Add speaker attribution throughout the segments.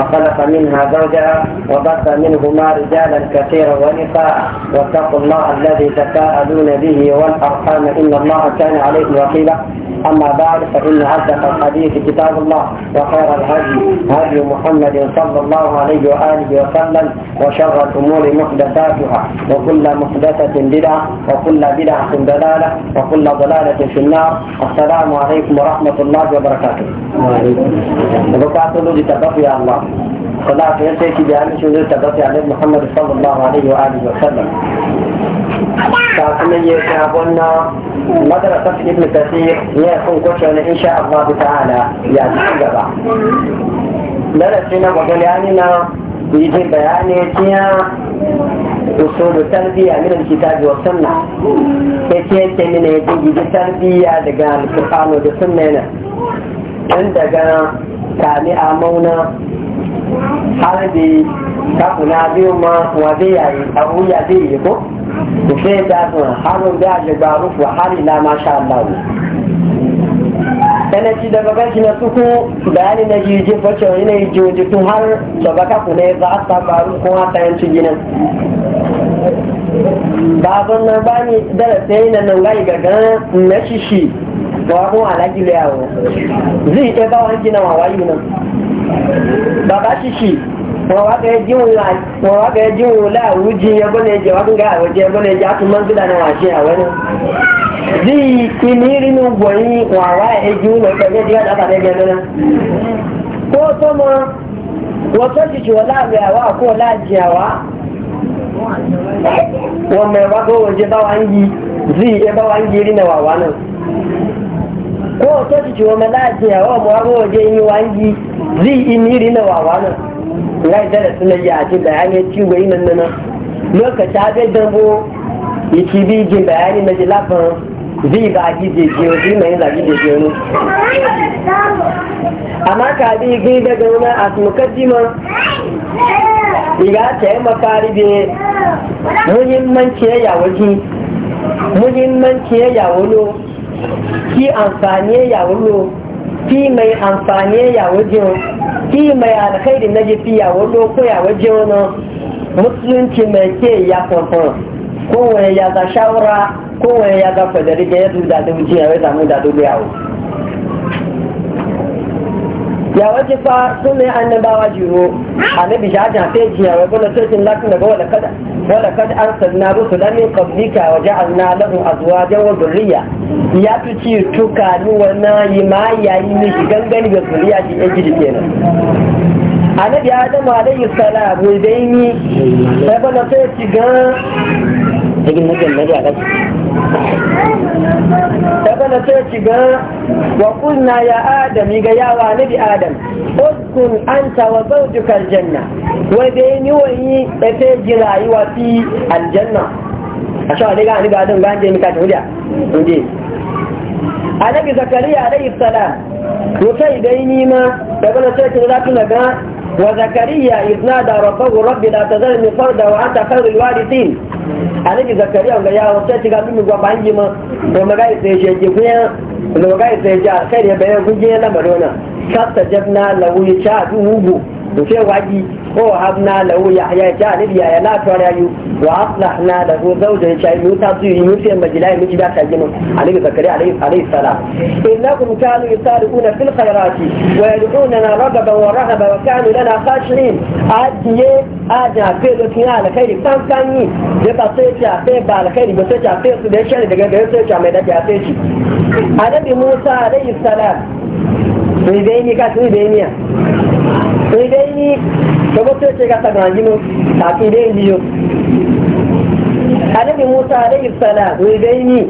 Speaker 1: فخلق منها زوجها وبث منهما رجالا كثيرا ونساء واتقوا الله الذي تساءلون به والأرحام إن الله كان عليكم وكيلا أما بعد فإن أصدق الحديث كتاب الله وخير الهدي هدي محمد صلى الله عليه وآله وسلم وشر الأمور محدثاتها وكل محدثة بدعة وكل بدعة ضلالة وكل ضلالة في النار السلام عليكم ورحمة الله وبركاته. وبركاته لتبقي الله. صلاة ينتهي بأن شذر تبطي عليه محمد صلى الله عليه وآله وسلم فأنا يتابعنا مدرسة ابن كثير يكون كتير إن شاء الله تعالى يعني سنجبا درسنا وقلياننا يجي بياني تيا usul tarbiyya min alkitabi wa sunna yace yace ne ne yace gidi tarbiyya daga alqur'ani da sunna ne dan daga kani amauna har da kakuna biyu ma wade yayi abu ya zai yi ko ku sai da sun harun da ya ga rufu har ila ma sha Allah kana ci daga gashi na suku bayani na jiji bace wani ne jiji tun har daga kakuna za a sabaru ko a tayan ci ginin babun nan bani darasai na nan gai gaga na shishi wa ko alaji lawo zai ta ba gina wa wayi nan Baba shishi wọ́n wá kẹ́ jí wọn láàrú jí ẹgbọ́n ẹjẹ wá kúngà àwọn jẹ ẹgbọ́n ẹjẹ àtúmọ̀ ń gbìdá náà wà ṣe àwọn náà bí ìní rínú gbọ̀nyìn wọ́n àwá ẹjú wọn pẹ̀lú ẹjẹ àtàkàtà ẹgbẹ́ náà kó tó wọ́n tó wa ko to ci ci wa malaje wa mu hawo je yi wangi zi iniri na wawa nan ngai da suna ya ci bayani ci wai nan nan lokaci abe dambo yiki bi ji bayani na jilafan zi ba a ji je je zi mai la ji je je no amma ka bi gi daga wannan ma. iga ta yi makari be muhimmanci ya yawo ji muhimmanci ya yawo ki amfani ya wulo ki mai amfani ya wajen ki mai alkhairi na jifi ya wulo ko ya wajen wani musulunci mai ke ya kwamfan kowane ya za shawara kowane ya ga fadarika ya duda da jiya, ya wai zamu da dubu yawo yawon fa sun ne annabawa jiro annabi shajan sai ji yawon gona sojin lakin daga wala kada wala kada an sanna rusu lamin kablika wa ja'alna lahum azwajan wa dhurriya ya tuci tuka ni wannan yi ma yayi ni gangan ga zuriya ji ya gidi kenan annabi adam alayhi salam wai dai ni sai bana sai ci ga cikin nake nake daga na sai ci ga wa kunna ya adam ga yawa nabi adam uskun anta wa zawjuka aljanna wa bayni ni yi da ta ji rayuwa fi aljanna a shawa ne ga annabi adam ga je ni ka ta hudiya inji annabi zakariya alayhi salam sai dai ni ma daga na sai ci ga tuna ga وزكريا إذ نادى ربه ربي ta تذرني فردا وأنت خير الوارثين aliki zakariya ga ya wata ci ga mimi gwa banji ma to maga ite je je kuya to maga ite je akari ya bayan kuje na madona sasta jabna lawi cha du hugu duke waji ko habna lahu yahya ta libya ya la tore yu wa aslahna lahu zawjan shay mu ta su yi mutiyan majila mu ji da ta gino alayhi zakari alayhi alayhi salam inna kum kanu yusariquna fil khayrati wa yad'una ragaba wa rahaba wa kanu lana khashin adiye aja pe lo tin ala kai kan yi je ta se ba la kai bo se ti a daga de se ti a me da ti a se ti anabi musa alayhi salam ni de ni ka su de sai dai ni ce dai annabi musa alaihi salam sai dai ni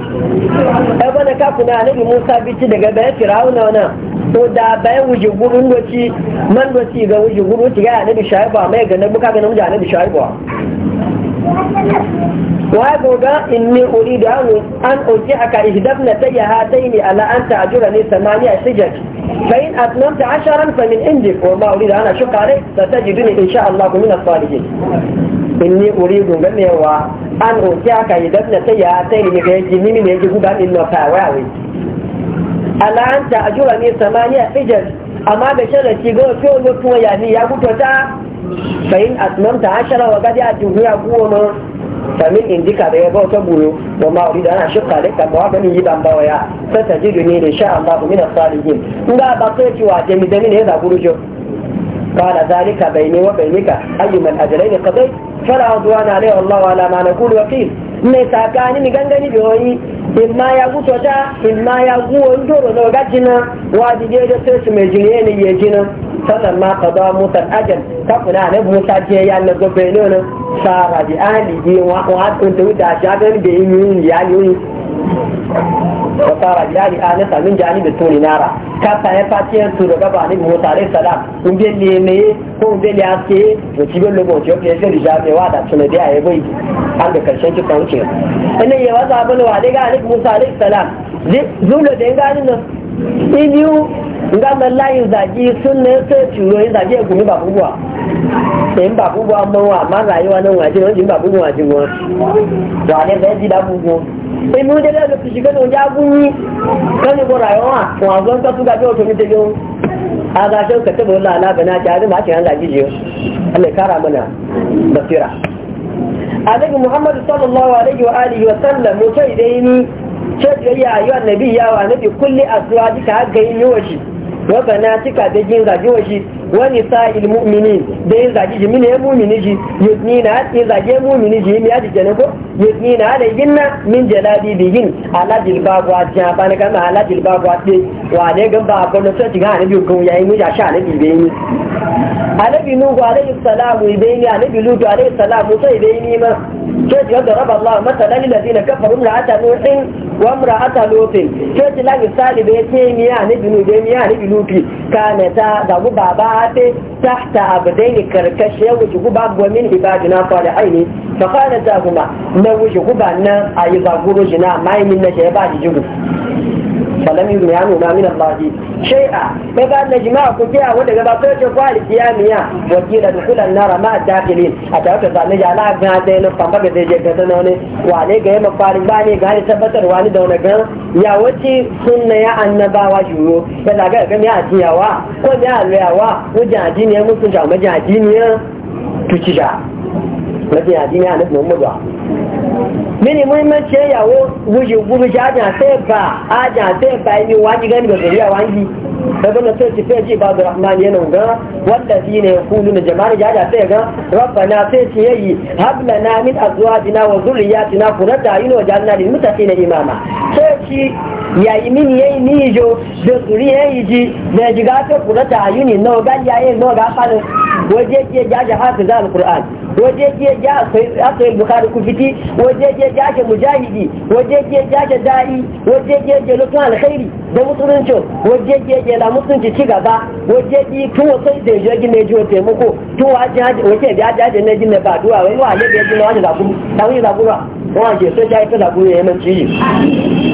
Speaker 1: kafu na annabi musa bici daga bayan firawuna to da bayan wuji gurin doci man doci ga wuji gurin doci ga annabi shaiba mai ga na buka ga na annabi shaiba wazo ga in ne ori da hannu an ɗauki aka ihdab na ta yi hatai ne ala an ta ajura ne samani a ta asharan famin indi ko ma ori ana shukare da ta jidu kuma na salihi in ne ori ga mewa an ɗauki aka ihdab na ta yi hatai ne ga yake nimi ne yake gudan in na amma da sharafi ga wasu yau lokacin waya ya gutu ta bayin asmamta ashara wa gadi a tuhu ya goma famin indika da ya ba ta buru wa ma uri da ana shukka da ka ba gani yi ban bawa ya sai ta jidu ne da sha amma min as-salihin in ga ba sai wa jami da ne da guru jo قال ذلك بيني وبينك أيما الأجلين قضيت فلا عدوان عليه الله على ما نقول وقيل ne tsakanin gangani da imma ya gu imma ya gu wani na ga jina waji je da sai su mai jini ne ya jina sannan ma ka ba mutar ajal ta kuna ne musa je ya na gobe ne ne sara bi ahli bi wa wa tun da da jagan da yin ya yi wa sara bi ahli ana ah, samin jani da tuni nara ka ta ya e fatiya su daga ba ne musa alaihi salam kun bi ne ne ko bi ne aske to ci bi lobo ce ke sai da jabe wa da tuni da ya bai har da karshen kisa wuce ina yi wasu abin wa dai ga alif musa alik salam zulo da gani nan ibiyu ga mallayin layin zagi sun ne sai turo yin zagi ya gumi babubuwa da yin babubuwa wa ma rayuwa nan waje wajen babubuwa jin wani wa ne zai ji dabubuwa sai mu da su shi da ya agunyi kan ne ko rayuwa wa zon ka su gaji wato mutum yau a gashin ka tabbata lalaba na jari ma ce an zagi jiyo Allah ya kara mana basira annabi muhammad sallallahu alaihi wa alihi wa sallam mutai dai ni ce ga ya ayyuhan nabi ya wa nabi kulli dika ga yin shi wa cika da jin zaji wa shi wani nisa'il mu'minin da yin zaji ji mine mu'mini ji yudnina yin ya mu'mini shi mi yaji kenan ko yuzni na yudnina na min jaladi jalabi bihin ala jilbabu ajan bana kama ala jilbabu ce wa ne gan ba ko no sai ga ne bi ko yayi mu ya sha ne bi bayin Alabi nuhu alayhi salamu bayin alabi lutu alayhi salamu sai bayin ma sai ga da rabba Allah matalan ladina kafaru ata nuhin wa ata lutin sai la misali bayin ce ya ne bi ne ya ne bi lupi kana ta da ba baba ta tahta ne karkashi ya wuce guba babu min ibadina fara aini fa kana ta kuma na wuce guba na nan ayi ba guru jina mai min na a jigu falam yuzmiyanu ma min Allah shay'a ba ga na jima'a ku kiya wanda ga ba ko ce ko alkiya miya wa kila dukulan nara ma dakilin a ta wata zane ya la ga da ne famba ga da je ga da ne wa ne ga yana farin ba ne ga ne tabbatar wa ne da wani ga ya wace sunna ya annabawa juro ba da ga ga a ne a ya ya ya mini muhimmanci ya yawo guje gube shi ajan sai ba ajan sai ba yi wani gani ba zuriya wani daga na sai tafiya ji ba da rahman yana ga wanda shi ne kulu na jama'a ya da sai ga rabbana sai ce yayi hablana min azwajina wa zurriyatina qurrata ayun wa ja'alna lil muttaqina imama sai ci yayi min yayi ni jo da zuriya yi ji da jiga ta qurrata ayun no ga yayi no ga falo waje ki ya ja haka za alquran waje ke ja sai aka yi bukari ku fiti waje ki ya ke mujahidi waje ki ya ke dai waje ki ya je lutun alkhairi da mutunci waje ki ya je la mutunci ci gaba waje ki tuwo sai da je gine jiwo taimako tuwo aji haji waje da ja da ne gine ba duwa wai wa ne da gine wani da kuma tawai da kuma wa ke sai ja ita da ku kuma yayin ci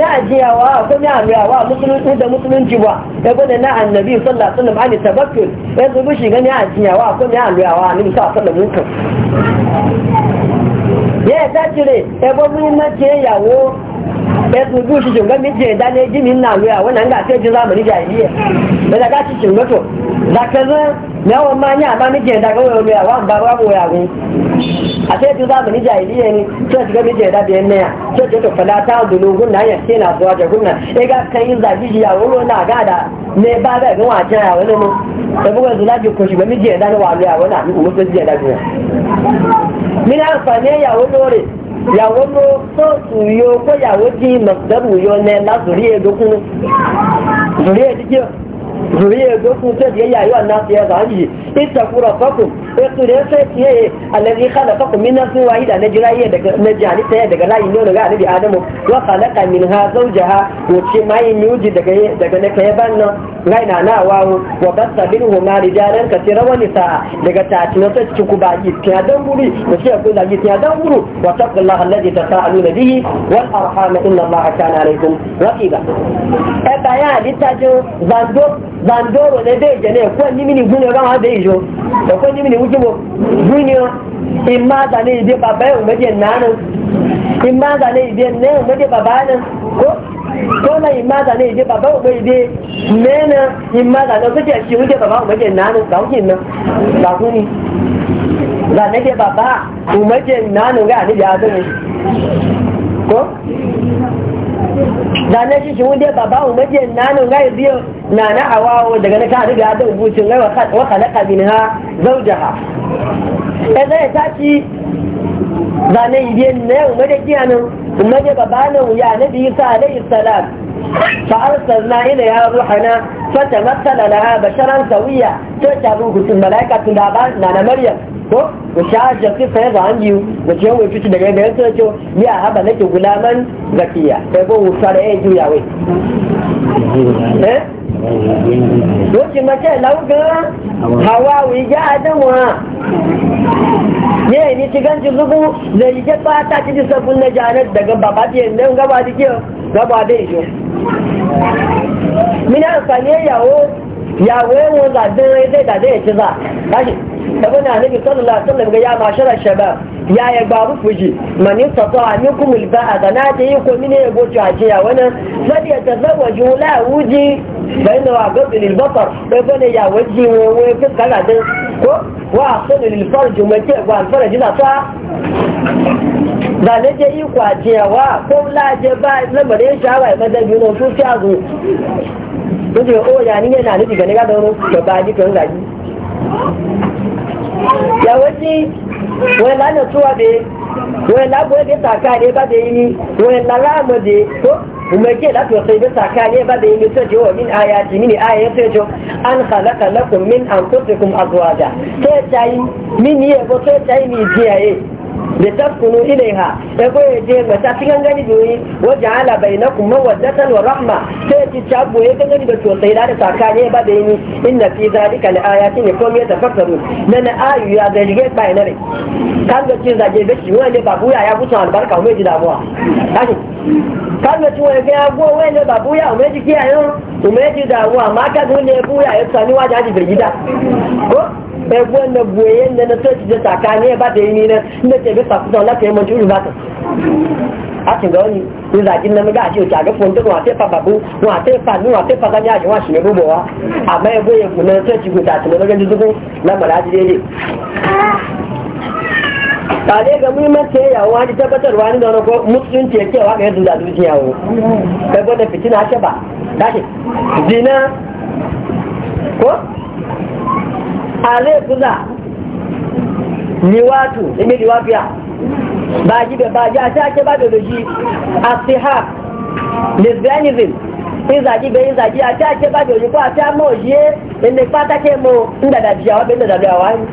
Speaker 1: na ajiyawa ko na ajiyawa musulunci da musulunci ba ya gwada na annabi sallallahu alaihi wasallam ani tabakkul ya zubi shi gani ajiyawa ko na ajiyawa ni sa sallallahu alaihi wasallam ya ta jire ya ba mun na yawo ya zubi shi jinga mi je da ne min na ruya wannan ga sai ji zamani jahiliya ba da ka ci cin mutu da ka na wannan ba mi je da ga wa ba ba ko yawo a sai tun zamani jahiliya ne sai shiga mijin da biyan naya sai ta tofala ta dunu gunna ya ce na zuwa da gunna e ga kan yin zabi ya wuro na ga da ne ba ga ga wace ya wani mu da buga zula ji ko shiga mijin da wa ya wani mu mutum ji da biya min amfani ya wani yàwó ló sọ́ọ̀tù yóò kó yàwó dín mọ̀tẹ́rù yóò lẹ́ lásòrí èdókún lórí èdíjẹ́ zuriya zo sun ce biyayya yi wannan ya zani ita kura fakun ita da sai ce allazi khalaqakum min nafsin wahida na jiraiya daga na jani ta daga layi ne daga annabi adamu wa khalaqa minha zawjaha wace mai nuji daga daga na kai ban nan raina na wawo wa batta minhu ma rijalan katira wa nisaa daga ta tati na cikin ku baki ta dan buri da ce ku da ta dan buru wa taqullaha allazi tasaaluna bihi wal arham inna allaha kana alaykum raqiba e bayan ta jo zando bandoro ne dai jene kwa ni mini gune kama da ijo da kwa ni mini wujibo gunyo imma da ne ide baba yau maje nanan imma da ne ide ne maje baba nan ko na imma da ne ide baba ko ide mena imma da ne kuje shi wuje baba ko na nanan ga wuje na, ga kuni da ne ke baba ko maje nanan ga ne ya zo ne ko da na shi shi wunde baba mu maje nanu ngai biyo na na awawo daga na ka riga da ubucin ngai wa khalaqa minha zawjaha idan ta ci zanen ibiyan ne yau mada kiyanin mada babanin ya nabi isa alayhi salam fa na ila ya ruhana fa tamassala laha basharan sawiya to ta ruhu hutun malaika tun da ba na na maryam ko ku sha jafi sai yaza an biyu da ce wai fiti daga da sai to ya haba nake gulaman zakiya sai ko usara ya juya wai eh mace lauga hawa wi ga adamu ne ni ci ganci zugu da yi ke bata ci jisa na janet daga babatiyan don gaba da ke gaba da isho mina amfani yawo yawo yawon zadin rai zai da zai ci za kashi tabi na nabi sallallahu alaihi wasallam ga ya mashara shabab ya ya babu fuji mani sato a ni kuma liba a gana ta yi komi ne ya goce a ce ya wani sadi ya tazawa jula wuji bai na wa gabi lilbafar bai bane ya wani a adin ko wa sani lilfar jumake ba alfara jina sa ba na je yi kwace wa ko laje ba lamarin shawa ya madan biyu na su sha zo Oje o ya ni yana nufi ga ni ga dauro da ba ji kan gaji. Ya wace wọ́n lánà tó wà dé wọ́n lábọ̀ ẹgbẹ́ tàkà ní ẹbá dé yìí wọ́n lára àmọ̀ dé tó umarke da ta sai bisa kariya ba da yi mutaje wa min ayati min ayati tajo an khalaqa lakum min anfusikum azwaja sai tayi min yi ko sai tayi ni jiyaye da ta kunu ilai ha ya goye je ga ta cikin gani doyi wajen ala bai na kuma wadatan wa rahma sai ya ci cabo ya ga gani da sosai da da sakani ba da yini inda fi za na aya shi ne ko ya tafasa fasaru na na ayu ya da rige bai na rai kan ga cin zage da wani ne babu ya ya buta albarka mai ji damuwa kan ga ciwo ya ga go wani ne babu ya mai ji kiyayen mai ji damuwa ma dole ne buya ya sani wajen ji gida ko ẹgbẹ́ na buwẹ́yẹ nẹ́nà tó ti jẹ́ tàkà ní ẹbá tẹ̀ ní iná ní tẹ̀bẹ́ pàkútà láti ẹmọ tó rúbátà àtìgbà ọ́nì ìrìnàjì nẹ́mẹ́ gá àti òtí àgẹ́fọ́ tó wọn àtẹ́fà bàbú wọn àtẹ́fà ní wọn àtẹ́fà sáni àjọ wọn àṣìlẹ̀ gbogbo wa àmọ́ ẹgbẹ́ yẹn kù tó ti gbèsè àtìlẹ̀ lọ́gẹ́ dúdúkú lámàlà àti délé. tàlẹ́ ga muhimman ce yawo wani tabbatarwa ni da wani musulunci ya ce wa ga ẹgbẹ́ alekuza liwatu imi liwapya baji be baji asake badoloji asihab lesbianism izaji be izaji asake badoloji ko asamo ye ene patake mo ndadaji awa be ndadaji awa ni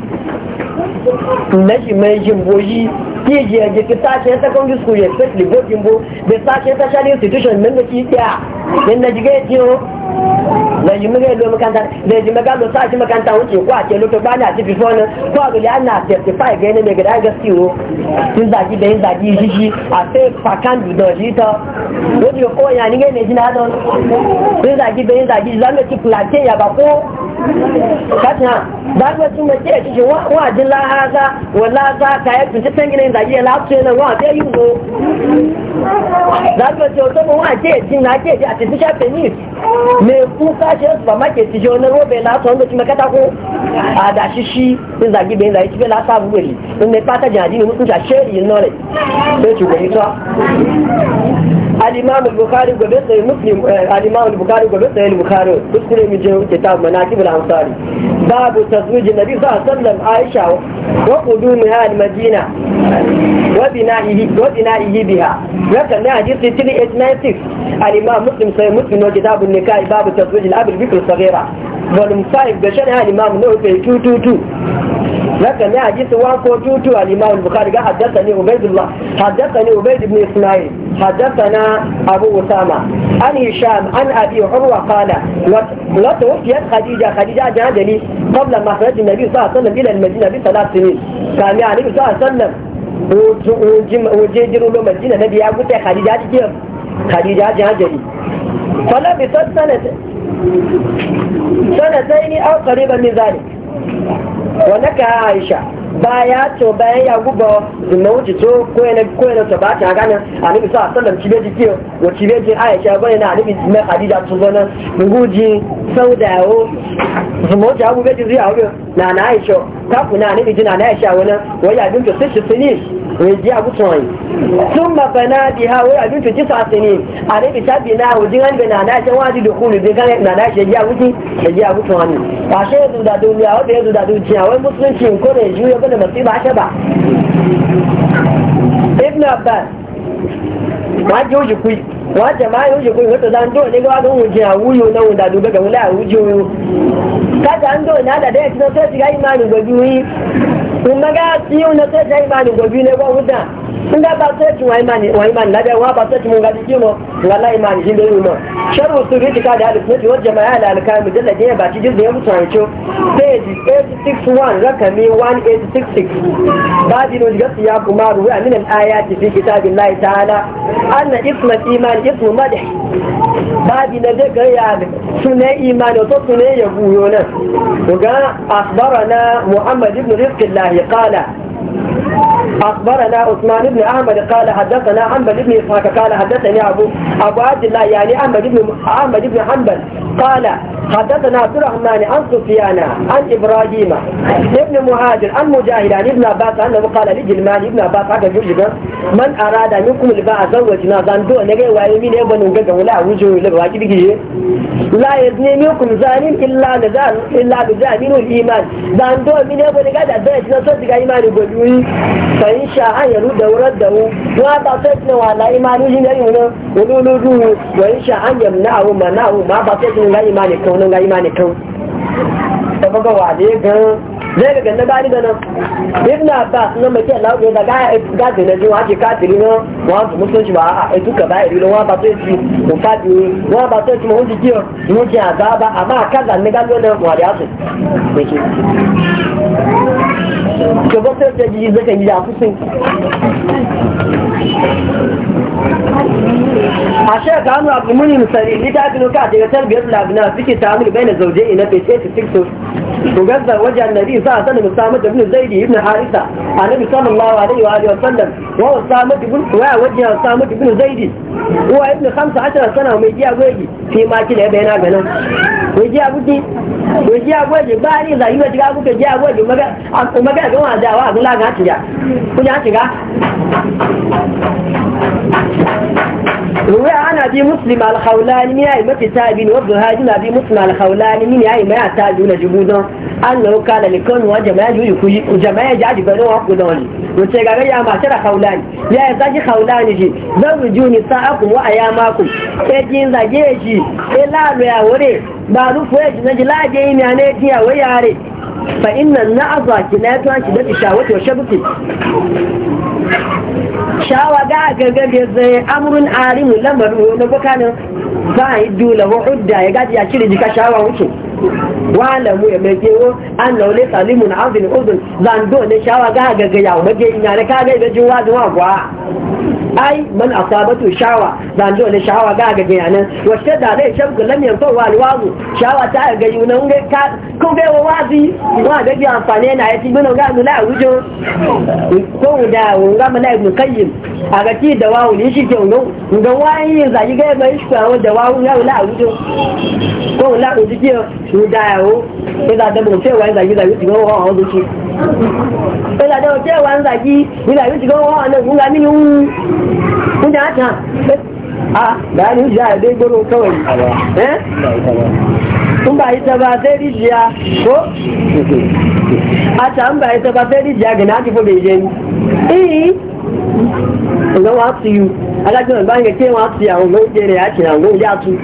Speaker 1: na shi mai jimbo yi kiji ya jiki sashen secondary ya fit libo jimbo da sashen institution nan da kidiya yan na jiga ya tiyo na yi muka ilo makanta da yi lo makanta wuce ko a ke lo to ba na ci fifo nan ko a 35 ga yana mai gada da yin zaki yi shi a sai fakan da shi ta ko ya ni ne jina don da yin zama ci plantain ya ba ko katina da ga sun mace ya cikin wa jin lahaza wa laza ka yi tunce san gina zagi ya lafi yana wa ta yi go da ga ce wato ba wa ce cin na ce a tafi shafe ni me kuka ce su ba make ci jona robe na son da kuma kata ko a da shi shi in zagi bai zagi bai la sa buri in ne fata jadi Mun mutunta sheri yin nore sai ci goyi to al-imam al-bukhari gobe sai muslim eh, al-imam al-bukhari gobe sai al-bukhari kuskure mi je kitab manaqib الأنصاري باب تزويج النبي صلى الله عليه وسلم عائشة وقدومها المدينة وبنائه وبنائه بها لكن حديث 3896 الإمام مسلم صحيح مسلم وكتاب النكاح باب تزويج الأب البكر الصغيرة volume 5 ga shari'a Imam Nawawi 222 لكن حديث وانكو توتو الإمام البخاري قال حدثني عبيد الله حدثني عبيد بن إسماعيل حدثنا أبو أسامة عن هشام عن أبي عروة قال لا توفيت خديجة خديجة جادلي قبل ما خرج النبي صلى الله عليه وسلم إلى المدينة بثلاث سنين كان يعني النبي صلى الله عليه وسلم وجيجر له مدينة النبي يقول خديجة خديجة جادلي فلبثت سنة سنتين أو قريبا من ذلك wa naka aisha baya to bayan ya guba zumau ji to ko na ko yana to ba sa sallam na annabi na khadija to zona nguji saudawo zumau ji abu beji ziya hobe na na aisha ta na aisha wana waya bin to sai sini wai ji abu to yi thumma bana ji sa ta na aisha wadi da kunu bi na ji ji ji to ba da da a ko ba نصيبها شبع ابن عباس ما جوجي كوي wata ma yi shi kuma wata zan do ne ga don wuce a wuyo na wanda duba ga wula a wuce wuyo kada an do na da da yake sai shiga imanin gobi yi kuma ga ciwo na sai shiga imanin gobi ne ba wuta nga ba sɛti wa imani wa imani labɛn wa ba sɛti mun ka di jimo nga la imani jinde yi ma sharu su bi tika da alif nati wa jama'a da alkami da la jiya ba ti jinde yamu tsaye cho page 861 rakami 1866 babi no diga siya kuma ruwa min al ayati fi kitabillahi ta'ala anna isma iman ismu madh babi na da ga ya sunne imani to sunne ya buyo nan ga akhbarana muhammad ibn rizqillah qala أخبرنا عثمان بن أحمد قال حدثنا أحمد بن إسحاق قال حدثني أبو أبو عبد الله يعني أحمد بن أحمد بن حنبل قال حدثنا عبد الرحمن عن سفيان عن إبراهيم ابن مهاجر عن مجاهد عن ابن عباس أنه قال لجلمان ابن عباس حكى جوجل man arada min kuma liba a zan wajina zan do ne gai waye mini ya bani ga wala a wujo wala ba kidi giye la yazni min kum zalim illa la zan illa bi zamin al iman zan do mini ya bani da da jina so diga imani go duyi fa sha an yaru da wurar da hu wa ba sai ne wala imani jin da yana wululu du wa sha an yamna hu mana hu ma ba sai ne nga imani kauna nga imani kauna ta baga wale ga zai ga ganna gani ganin ibn abbas na mace allah ya daga ya gazi na jiwa ce kafiri na wa su musulunci ba a etu ka bayari na wa ba sai ci mu fadi wa ba sai ci mu hunji kiyo mu ji azaba amma kaza ne galo na wa da su ke bakar da jiri zaka yi yafi sai a shi a kanu a kumuni misali ni ta kinu ka daga tarbiyyar labina suke ta amini bai na zaune ina fai sai ta tiktok to wajen nabi za a sanin musamman da bin zaidi ibn harisa a nabi samun lawa da yawa aliyu sallam wa wasu wajen wasu samun da bin zaidi uwa ibn hamsa ashirar sana mai giya gwegi sai ma kila ya bayana ganin mai giya gudi mai giya gwegi ba ni za a yi wa jiga kuka giya gwegi umaga ga wa da wa gula ga tiya kunya tiga ruwa ana bi muslim alhaulani ne yi mafi tabi ne wadda hajji na bi muslim alhaulani ne yi maya ta na jibu don an na wuka da likon wa jama'a juyi kuyi jama'a ji aji bari wa ku da wani wace gare ya ma tara haulani ya yi zagi haulani ji zan ruju ni sa'akum wa maku e jin zage ji e lalu ya wore ba rufu ya ji na ji laje yi ne ne ji ya wai yare fa inna na'aza da an shidati shawati wa shabuki shawa ga gagabe zai amurin arimu lamar wani bukanin ba a yi dole wa udda ya gaji ya cire jika shawa wuce wala mu ya mai kewo an laule salimu na azin uzun zando ne shawa ga gagabe ya wajen yana kaga ibejin wajen wa ai man asabatu shawa zan jo ne shawa ga ga yana wacce da dai shabku lam yanfa wal wazu shawa ta ga yuna nge ka ko ga wazi wa da ji amfani na yaci bin ga mu la wujo ko da ga mu la ibn qayyim a ga ti da wawu ne shi ke ngo ga wani za yi ga ba shi ko da wawu ya a wujo ko wula la wujo ke mu da yawo ko da da mu sai wani za yi za yi ti ga wa wa wujo ko da da ce wani za yi ni la wujo ko wa na ga ni kun da haka a da ni ja
Speaker 2: dai goro kawai
Speaker 1: eh kun ba ita ba sai rijiya ko a ta an ba ita ba sai rijiya ga na tafi bai je ni ga wasu yi alaƙin ban ga kewa su yawon gauke ne ya ce na gauke su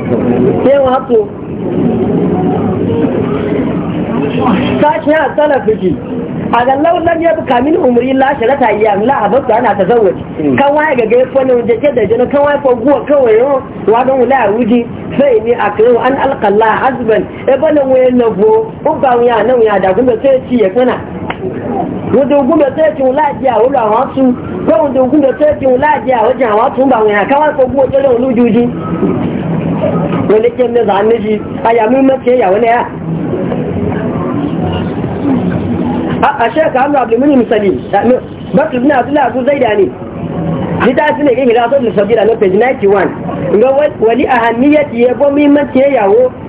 Speaker 1: kewa su ta a tsala fiki a gallon nan ya fi kamin umri la shi rata yi amla a bakwa ana ta zawaci mm. kan waye ga gai fone wuce ke da jini kan waye faguwa kawai yau wa don wula a wuji sai ne a kai an alkalla hasban e bane waye na go ba wuya na wuya da gume sai ya ci ya kana wudu gume sai ya ci wula ji a wula wa su ko wudu gume sai ya ci wula ji a wajen wa su ba wuya kan waye faguwa kawai wuluji wuji wani kyan ne zanen ji a yamin mace ya wani ya a shekar hamdu abdulmuni misali bakar suna su zai da ne su ne gina sau da sauƙi da na 91 ga wali a hannu ya ciye ko muhimmanci ya yawo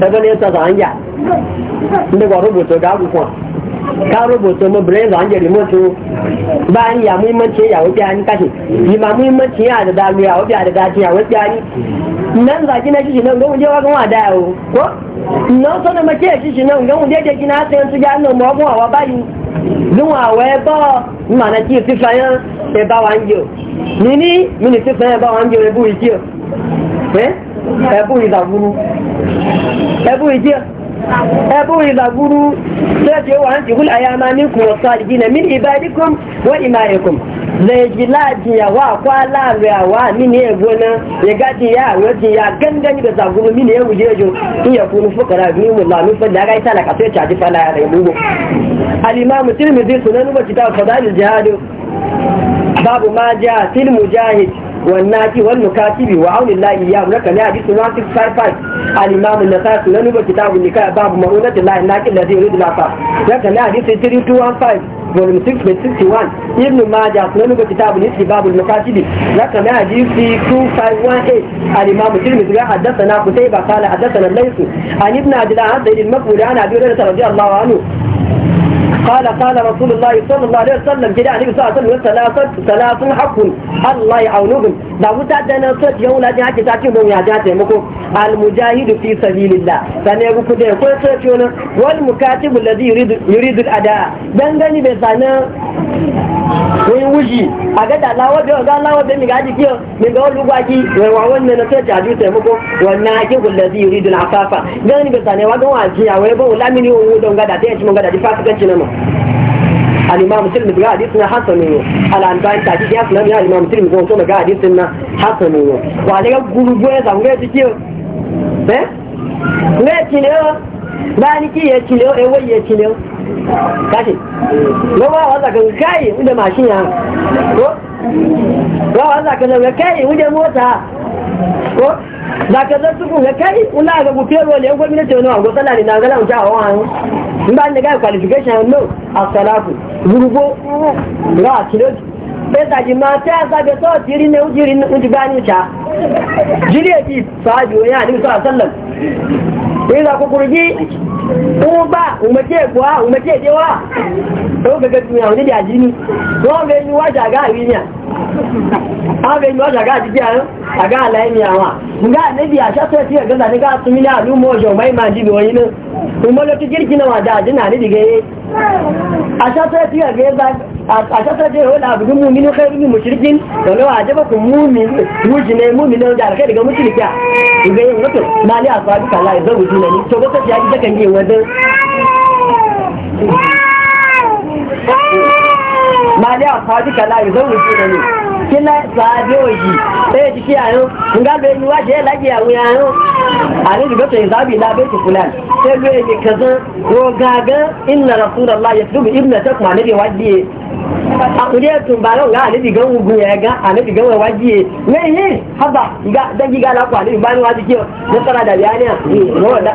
Speaker 1: ta gane ta zanja inda ba rubuta ga abubuwa ka rubuta mu bire zanje remoto ba ni ya muhimmanci ya wuce an kashe ni ma muhimmanci ya da dalu ya wuce da dace ya wuce ani nan zaki na kishi nan gomu je wa kan wada yawo ko nan so na make kishi nan gomu je je kina sai su Eh? ẹ̀bùn ìdàgbùrú ẹ̀bùn ìjẹ́ ẹ̀bùn ìdàgbùrú tẹ́jọ wà ń jìkú láyá máa ní kùn ọ̀sọ́ àdìjìnà mí ìbáyìíkùn wọ́n ìmáyìkùn lẹ́yìn láàjì àwọ́ àkọ́ aláàrẹ àwọ́ àmì ní ẹ̀gbọ́ náà lẹ́gájì ya àwọ́ ti ya gẹ́gẹ́ nígbẹ̀ alimamu babu ma mujahid والناجي والمكاتب وعون الله إياه لك لا حديث 165 الإمام النسائي سنن وكتاب النكاح باب مرونة الله الناجي الذي يريد العفاف لك لا حديث 3215 volume 6 page 61 ابن ماجه سنن وكتاب النسائي باب المكاتب لك لا حديث 2518 الإمام الترمذي حدثنا قتيبة قال حدثنا الليث عن ابن عبد الله عن سيد المقبول عن أبي هريرة رضي الله عنه قال قال رسول الله صلى الله عليه وسلم جدا عليه الصلاه والسلام ثلاثه ثلاث حق الله يعونهم دا متى دنا صوت يوم لا جاء تاتي مو يا جاء تيمكو المجاهد في سبيل الله سنة يقول كده يقول سيكون والمكاتب الذي يريد, يريد الأداء دنغني بسنة wani wuji a ga dala wadda ga Allah wadda mi gaji kiyo mi ga wani lugwaki wai wa wannan na sai jaju sai muko wannan ake gullazi yuridu al-afafa gani ga sane wa ga waji ya wai ba wala mini wo don ga da ta ci mun ga da fasikanci na mu al-imam muslim ga hadith na hasan ne al-anbani ta ji ya sunan al-imam muslim ga to ga hadith eh ne kileo bani ki ya kileo e wai ya kileo kashi lawa wanda kan kai inda mashin ya ko lawa wanda kan kai inda mota ko da ka zai tukun ga kai ula ga gufe role yan a wawan ni qualification a pesa a azabe to jiri ne ujiri ne ujibani cha jiri ji sahabi wa ya ali sallallahu alaihi wasallam ila kukuruji Wọ́n bá òmọdé ẹ̀kọ́ wá, òmọdé èdè wá. Ó gẹ́gẹ́ tí àwọn onídìí àjí ní. Wọ́n fẹ́ ní wájà àgá àrí ní à. Wọ́n fẹ́ ní wájà àgá àti jẹ́ àgá àlàyé ni àwọn. Nga níbi àṣàtọ̀ tí ẹ̀gẹ́ tàbí ká tún ní àlú mọ́ ọjọ́ ọmọ ìmọ̀ àjíbi wọ̀nyí náà. Òmọdé tó kírìkì náà wà dáadé náà nídìí gẹ́yẹ́. Àṣàtọ̀ tí ẹ̀gẹ́ bá àṣàtọ̀ tí ó làbù ní mú mi ní kẹ́rù ní mùsùlùkì lọ́lọ́ àjẹ́bọ̀kù mú mi mú jìnà mú mi náà jà àrẹ́kẹ́ ìgbà mùsùlùkì à. Ìgbẹ́yẹ̀ mọ́tò máa ní àfọ àbíkàlà ìzọ́wùjú náà wadai ma ne a sadi kala zan wuce da ne kila sadi waje sai jiki a yau kun ga bai niwa je lagi a wuya yau a ne daga tsayin zabi na bai fulan sai bai ne kaza rogaga inna rasulullahi ya tubu ibna takma ne bai wajiye akuri etun ba lo ale digan ugun ya ga ale digan wa waji ne yi haba ga da giga la ko ale ni waji ne tara da ya ne no da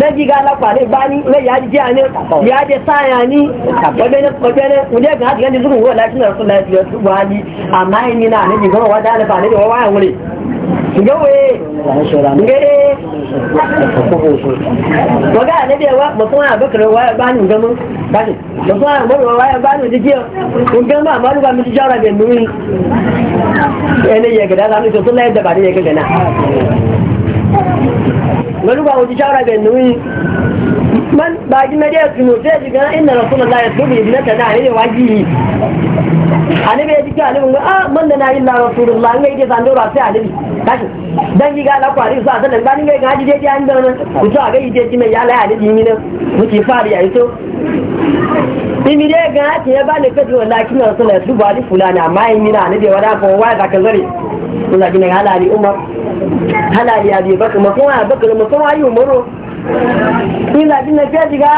Speaker 1: da giga la ko ale ba ne ya ji ani ya de sa ya ni ko be ne ko be ne uje ga ni zuru wa la shi so la ji su ni amma ni na ne digan wa da ale ba ne wa wa wuri nga wee nga wa mutum a bakar waya bani ngamu bani waya bani da jiya ngamu ba mu jara da nuni ene ya gada zamu to sun laye da bari ya gana ngalu ba mu jara da man ba ji na dai su mutu ji ga inna rasulullahi yasbubi ibnata na ne waji annabi ya ji ga annabi ah man da na illa rasulullahi ngai dai zan dora sai annabi dan ji ga la kwari sa sanan dan ngai ga ji dai an da nan ku ta ga ji dai mai ya Imi dai ga ce ya bani kadu wallahi na rasulullahi yasbubi ali fulana amma yin na annabi wada ko wa da kan zare Allah ji ne halali umar halali abi bakar mutum abakar mutum ayi umaru ni zaɓi na fiye diga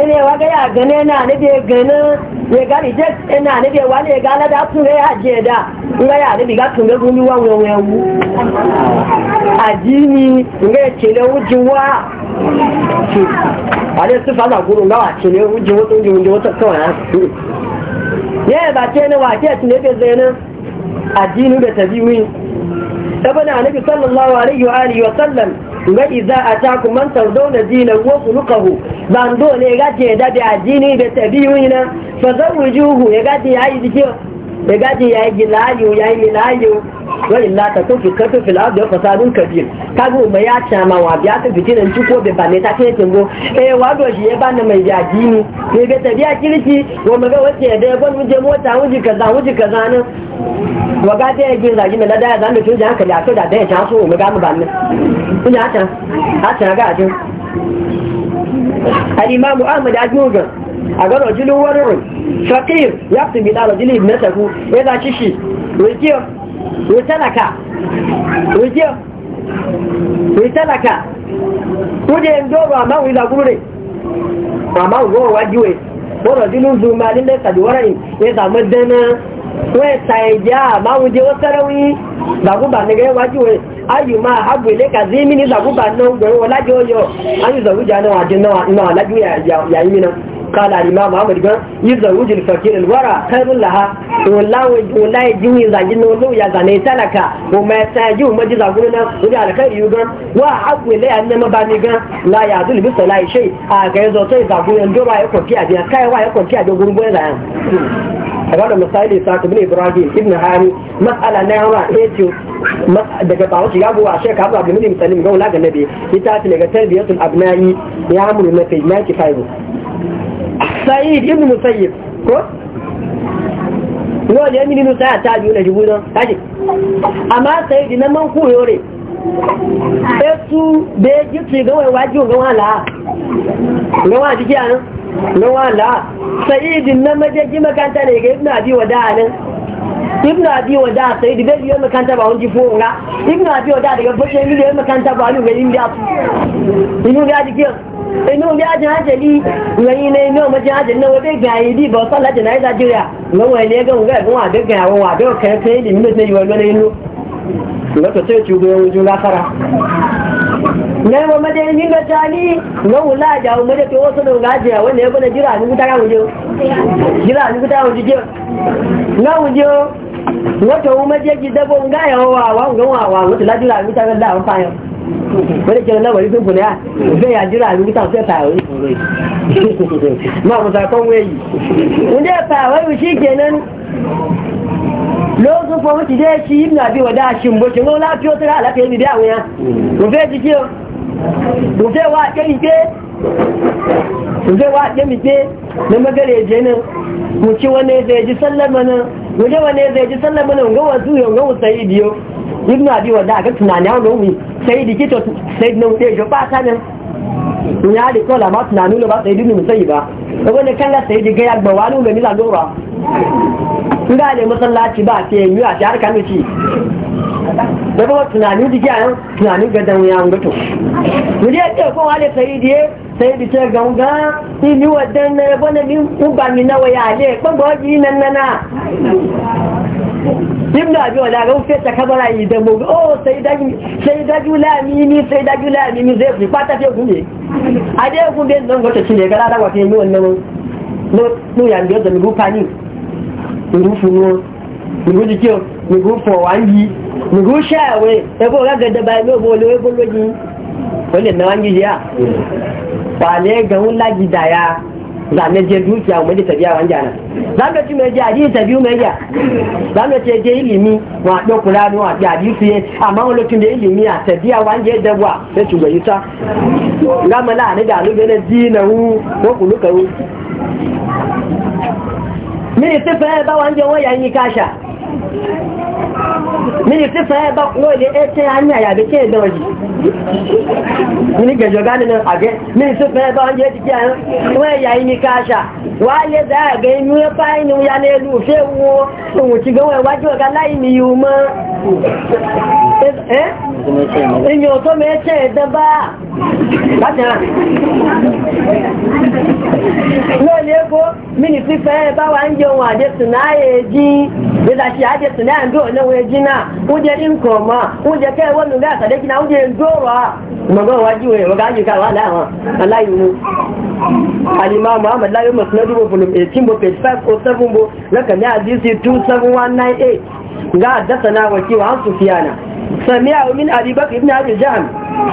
Speaker 1: ene wa ga ya gane na ne bai gane ya ga reject ina ne bai wani ga ala da tun ga ya je da nga ya ne ga tun ga gumi wa wo wo wu ajini nga chele uji wa ale su fa na guru nga wa chele uji wo tun ji uji wo ta ko ya ye ba chele wa ke chele be zena ajini be tabiwi tabana nabi sallallahu alaihi wa alihi wa sallam ga iza a ta kuma tardau na dina ko kulukahu ban dole ya gaje da da da tabiyu na fa zarrujuhu ya gaje ya yi da gaji ya yi gilayo ya yi milayo wani lata to fi kato fi lafi da fasadun kabir kaga umma ya cama wa biya ta fitinan ci ko bai bane ta kai tingo eh wado shi ya bani mai yaji ni ne ga tabiya kirki wa maga wace da ya gwan muje mota wuji kaza wuji kaza nan wa ga ta yi zagi da ladaya zan da tuji hankali a kai da da ya taso umma ga mu bane kun ya ta a ta ga ajin al-imamu ahmad ajin a ga rajulun wani rai fakir ya fi bi da rajulun ibn tafu ya za shi shi rikiyo ritalaka rikiyo ritalaka kuje yin doro a ma'u ila gure a ma'u goro wajiwe ko rajulun zumalin da sabi wara'in ya zama dana wọ́n ta ẹ̀já àmáwújẹ́ ó tẹ́rẹ wí làgúbà nígbẹ́ wájú rẹ̀ ayù máa ilé kàzí ayù náà àjẹ́ náà قال الإمام أحمد قال يزوج الفقير الورى خير لها والله والله يجوني زاجين والله يا زاني سلكا وما يستهجوا ما جزا قلنا وجاء الخير يقول وأحب إليه أن ما بني قال لا يعدل بس لا شيء أكيد زوجي زاجين دورا يكون فيها دي كاي وا يكون فيها دي غربوا زاجين kamar da misali sa ibn ibrahim ibn hari mas'ala na yawa ɗaya ce daga bawo shiga buwa shek abu abu mulim salim ga wula ga nabi ita ce daga tarbiyatul abnai ya amuru na fi 95 sa'id ibn musayyib ko wani ya mini musa ya ta biyu na jibu nan kaji amma sa'id na man koyo ne esu da ya gitsi gawai wajiyo gawa la'a ga jiki a nan gawa la'a sa'id na majaji makanta ne ga ibn abi wada nan ibn abi wada sai dibe biyo makanta ba wonji fo nga ibn abi wada daga fashe mi da makanta ba lu ga yin da su inu ga dike inu ga ajin ajali yayi ne no ma jin ne? no be ga yi di ba sallah da nayi da jira no wai ne ga ga ga wa da ga wa da kai kai di mi sai yi wannan inu ga to sai ci go wujun la fara ne wa madani ga tali no wula da mu da to wasu da ga jira wannan ya na jira ni mutaka wuje gila ni kuta wuji je nga wuje je ki dabo nga ya wa nga wa wa wato la jira mi ta da fa ke na wari to kuna be ya jira mi ta ta yo ma mu ta weyi unde fa wai shi kenan lóòsùn fún ti dé ṣí ìbìnà shi wọ̀dá ṣùgbò ṣùgbò láti ó tẹ́rà láti ẹni bí àwọn ya kò fẹ́ ti kí o kò wa ke kéyìí ke? zai wa ɗaya mije na magareje nan ci wane zai ji sallama Mu wuce wane zai ji sallama nan ga wasu yau ga wasu sayi biyo ibn abi wanda aka tunani a wani sai da kito sai na wuce shi fata nan in ya da kola ma tunani ba sai mu musayi ba saboda kan la sai gaya ga yagba wani ga mila dora nga ne masallaci ba ke yi a jihar kano ci da kuma tunanin jiki a yau tunanin ga dan wuya mutu Mu ya ce kowa ne sai diye sai bi ce ga ga ni wadan na yabo na min uba mi na waya ne ban ba waji nan nana yin da biyo da ga ufe ta kabara yi da mu oh sai da sai da jula mini sai da jula mini zai fi fata fe gune a dai gune nan gota cine ga da wata yi wannan no no ya biyo da mu fani ìlú fún wọn ìlú ti kí o nìgún fọ̀ wá ń yí nìgún ṣàwẹ̀ ẹgbẹ́ ọ̀gá gẹ̀dẹ̀bà ẹgbẹ́ òbò olówó ẹgbẹ́ lójì ya zane je dukiya mu tabiya wanda nan zamu ci mai jadi tabiyu mai ya a tabiya wanda da wa sai ci ta ga mala ne da lu gane dinahu ko kulukaru mínísítì fẹ́ bá wa ń jẹ wọ́n yà yín káṣà mini ti fa ẹba wọ́n ẹ̀dọ̀ yìí mini gẹ̀jọ̀gá àgẹ́ mini ti ti wọ́n wà lè inú inú ya ní ẹlú fẹ́ wo ohun ti wuce su suna ndo na wuce jina wuce inkoma wuce kai wani ga sade kina wuce ndora maga waji we maga ji ka wala ha yi mu alima muhammad la yuma sunadu bo bulum 18 bo page 507 bo na kan ya hadisi 27198 ga haddathana wa kiwa sufyana سمعه من أبي بكر بن أبي جهم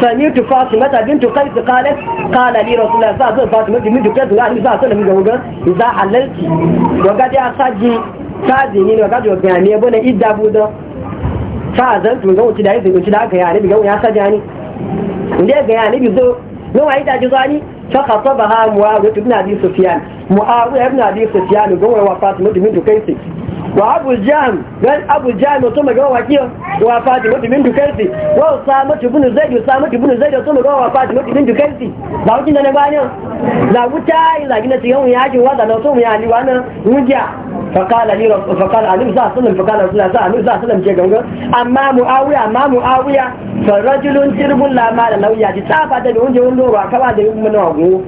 Speaker 1: سمعت فاطمة بنت قيس قالت قال لي رسول الله صلى الله عليه وسلم فاطمة بنت قيس قال لي صلى الله عليه وسلم إذا حللت وقد kazi ni ga jo ga ne bane idda budo fa zan tun ga wuci da yi wuci da ga ya ne bi ya sa jani inda ga ya ne bi zo no wai da ji zani fa khatabaha muawiya ibn abi sufyan muawiya ibn abi sufyan ga wai wafat mutum da kai sai wa abu jam gan abu jam to maga wa kiyo wa fatima bin dukaisi wa usama bin zaid usama bin zaid to maga wa fatima bin dukaisi ba wucin da na bani la wuta ila gina tiyan yaji wa da na to mu ya ali wa na wuja فقال لي رب فقال عليه الصلاه والسلام فقال رسول الله صلى الله عليه وسلم والسلام جه غنغ اما معاويه اما معاويه فرجل سرب لا مال لو يا دي صافا ده وين وين لو كبا ده من واغو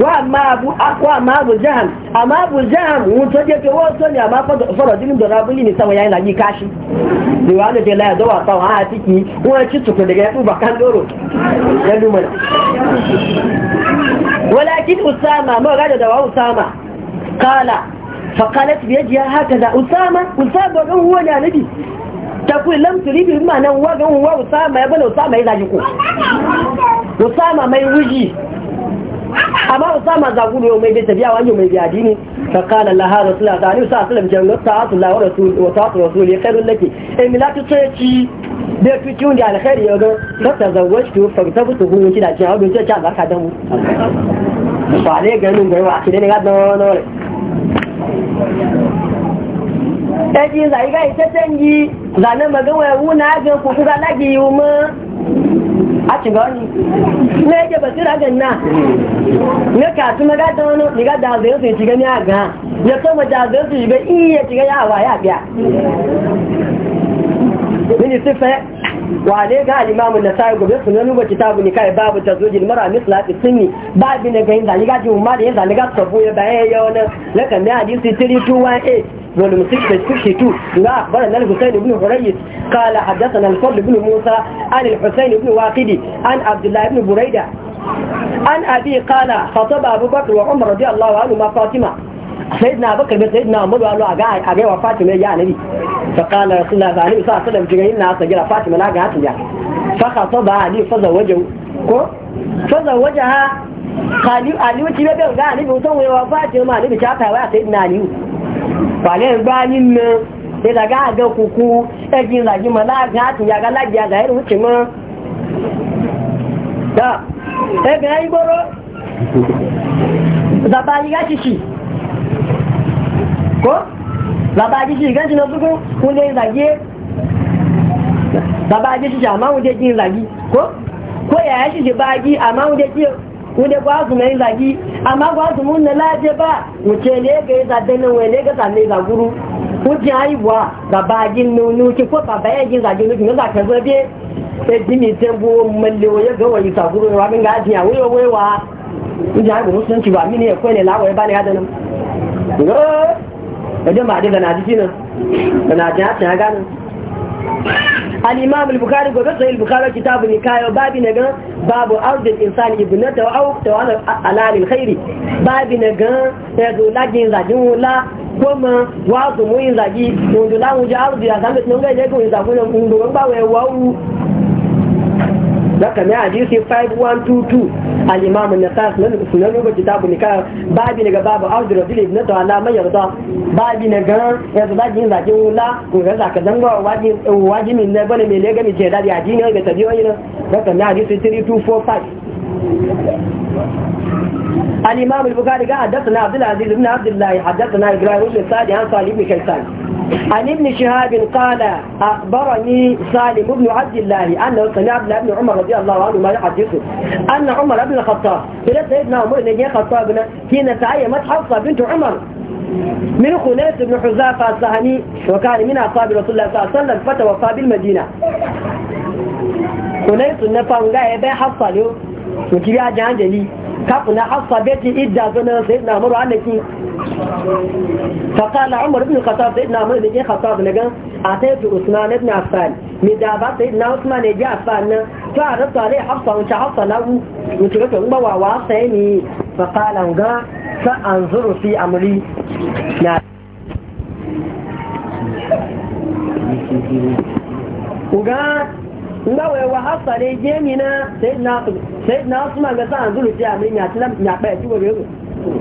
Speaker 1: واما ابو اقوى ما ابو جهم اما ابو جهم وتجه في وصل يا ما فرجل ضربني ني سوى يعني لاجي كاشي ni wa da la da wa tawa a ciki wani ci tuku daga yafi bakan doro ya lumana walakin usama ma ga da wa فقالت بيدها هكذا أسامة أسامة هو يا نبي تقول لم تريد بمعنى هو هو أسامة يبنى أسامة إذا يقول أسامة ما يوجي amma usama zagu ne mai bai tafiya wani mai biya dini fa qala la hada sallallahu alaihi wasallam jannatu ta'atu la wa rasul wa ta'atu rasul khairul laki in milatu tsaci da fi kiun da ya ga fa tazawwajtu fa tabtu hu da ci abin ce ta barka da mu ba ne ganin gaiwa kidan ga da wani ẹjì zàyíká ìtẹ́tẹ́ ń yí zànà mọ̀gánwò ẹ̀wú náà gẹ̀ kùkú alági ìwò mọ́ àtìgọ́ni ní ẹjẹ́ bẹ̀síra gẹ̀ náà ní kàtí mẹ́gá dánwó ní gá dàzé oṣù ìtìgẹ́ ní àgán yẹ tó mọ̀ dàzé oṣù ìgbẹ́ ìyẹ́ ìtìgẹ́ yà wà yà bíà wale ga alimamun na sayi gobe su nanu baki tabu ni kai babu ta zojin mara misla ta sunni ba bi na gayin zani ga ji umma da yanda zani ga sabo ya bayan ya wani lakan ne hadisi 3218 volume 652 ga akbar nan husain ibn hurayth qala hadathana al-fadl ibn musa an al-husain ibn waqidi an abdullah ibn burayda an abi qala khataba abubakar wa umar radiyallahu anhu ma fatima sayyidina abubakar bai sayyidina umar a ga a ga fatima ya nabi fa qala rasulullah sallallahu alaihi wasallam jigayin na sagira fatima na ga hatin ya fa khasaba ali fa zawajahu ko fa zawajaha khali ali wuce bai ga nabi mutum wa fatima nabi ta ta wa sayyidina ali wale bayin nan sai daga ga kuku ɗagin zagi ma ga ya ga da ya yi goro zaba yi ga shi ko bàbá ajíṣe ìgbẹ́sì lọ gbogbo kún lè ìlàjí ẹ́ bàbá ajíṣe àmáhùndé jí ìlàjí ko ko yàyà ṣìṣe bá ají àmáhùndé jí wunde kwa su mai zagi amma kwa su mun laje ba wuce ne ga yi ne nan wai ne ga zaɗe zaguru wuce ayi buwa bàbá jin ki ko bàbá ya zagi nunu ga ka zobe e dimi tembo mallo ya ga wai guru, wa min ga jiya wai wai wa wuce ayi buwa sun ci ba mini ne ko ne lawo ya bani wajen ma da na jiki nan da na al-imam al-bukhari gobe sai al-bukhari kitabu ni kayo babi na gan babu arzul insani ibnata wa au tawana alalil khairi babi na gan ya zo lajin zajin wula goma wa su mu yin zagi mun dula mun ji arzu ya zama tun ga yake yin zagu mun dogon ba wai da kamar hadisi 5122 al-imam an-nasai sunan sunan rubu kitabu nikah babi daga babu abdu rabbil ibn to ala man yarda babi na ga ya da jin zaki wula ko ga zaka danga waji waji min ne bane me ne ga mi ce da ya jini ga tabiyoyi ne da kan hadisi 3245 الإمام البخاري قال حدثنا عبد العزيز بن عبد الله حدثنا إبراهيم بن سعد عن صالح بن كيسان عن ابن شهاب قال أخبرني سالم بن عبد الله أنه سمع عبد الله بن عمر رضي الله عنه ما يحدثه أن عمر بن الخطاب إلى سيدنا عمر بن الخطاب حين تعيمت حفصة بنت عمر من خنيس بن حذافة السهمي وكان من أصحاب رسول الله صلى الله عليه وسلم فتوفى بالمدينة خنيس نفهم قاعد بين حفصة له وكبيرة جهان جليل kafin alfabeti idda zana sai na muru annaki fakala umar ibn khattab sai na muru ne khattab ne gan a sai fi usman ibn affan mi da ba sai na usman ne ji affan nan to a rasu alai hafsa wuce hafsa na ku mutu rufe gbawa wa sai ni fakala ga sa an zuru fi amri ndawe wa hasare jemina na su ma ga an zulu jami amin ya tilam ya ba ti gobe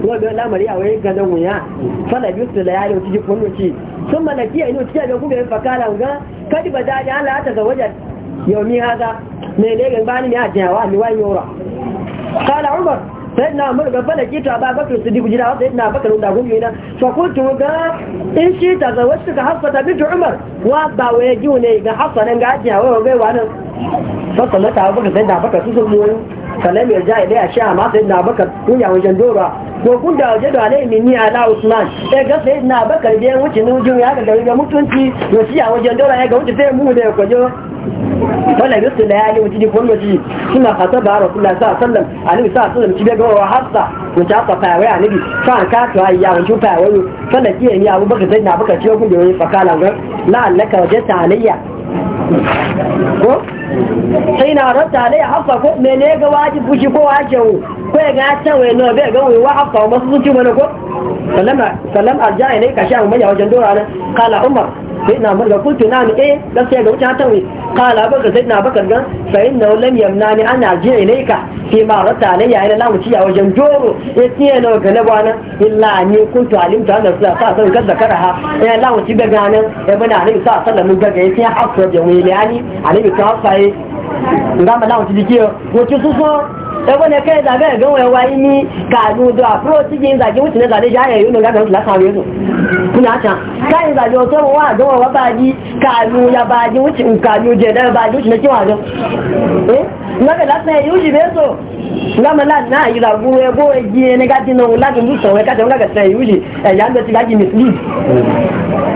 Speaker 1: ko da la a wai ga da wuya fala biyu su layali ti ji kun wuci. sun malakiya ino ti ga ku ga fakala ga kadi ba da ya Allah ta wajen yau mi haza ne ne ga bani ya jawa mi wai yora kala umar sai na mun ga fala kita ba bakar su diku jira sai na bakar da gumi na fa kuntu ga in shi ta ga wasu ga hafsa da bintu umar wa ba waye ji ne ga hafsa nan ga ajiya wa ga wa nan fa sallata abubakar sai da bakar su sun mu salam ya ja ilai a sha ma sai na kun ya wajen dora ko kun da waje da alai minni ala usman sai ga sai na bakar biyan wuce mu wajen ya ga da mutunci to shi ya wajen dora ya ga wuce sai mu da kwajo talabisu da ya yi wuce jikin wani suna fasar a harafin da sa sallam a nabi sa sallam ci daga wa hassa wuce haka fayawai a nabi sa an kasu a yi yawon cikin fayawai sallan kiyar ni zai na waje ko sai na ta alayya ko ga fushi ko ta ci mana ko manya wajen umar sai na murga kuntu na ni eh gaskiya ga wucin hatan kala baka sai na baka gan sai na lam yamna ni ana ji ilaika fi ma rata ne yayin la mu a wajen doro ya tiye na ga na bana illa ni kuntu ta da sa sa san kara ha ya la mu ci ga ganan ya bana ni sa sallamu ga ga ya hafsa da wani ani alimi ta fa yi ngamba la mu ci dikiyo ko ci su so ẹgbẹ́ ní kẹ́ẹ̀dà bẹ́ẹ̀ gan wọ́n wá ní kàdúdú àpúrò tí jí ń zàjí wùtí ní zàdé jáyẹ̀ yóò lọ́gbà tó lásán rí kuna ta kayan zàjí ọ̀tọ́ wọ́n àgbọ́ wọ́n wá báyí kàdú ya báyí wùtí nkàdú jẹ́ dẹ́ báyí wùtí ní kíwà dán lọ́gbẹ̀ lásán ẹ̀yí wùtí bẹ́ẹ̀ sọ lámàlá náà ìlà gbúrú ẹgbó ẹjí ẹni gájí náà láti lù sọ̀rọ̀ ẹ̀ká tẹ̀wọ́n lágàtà ìwúlì ẹ̀yà ń bẹ̀tí gájí mislead.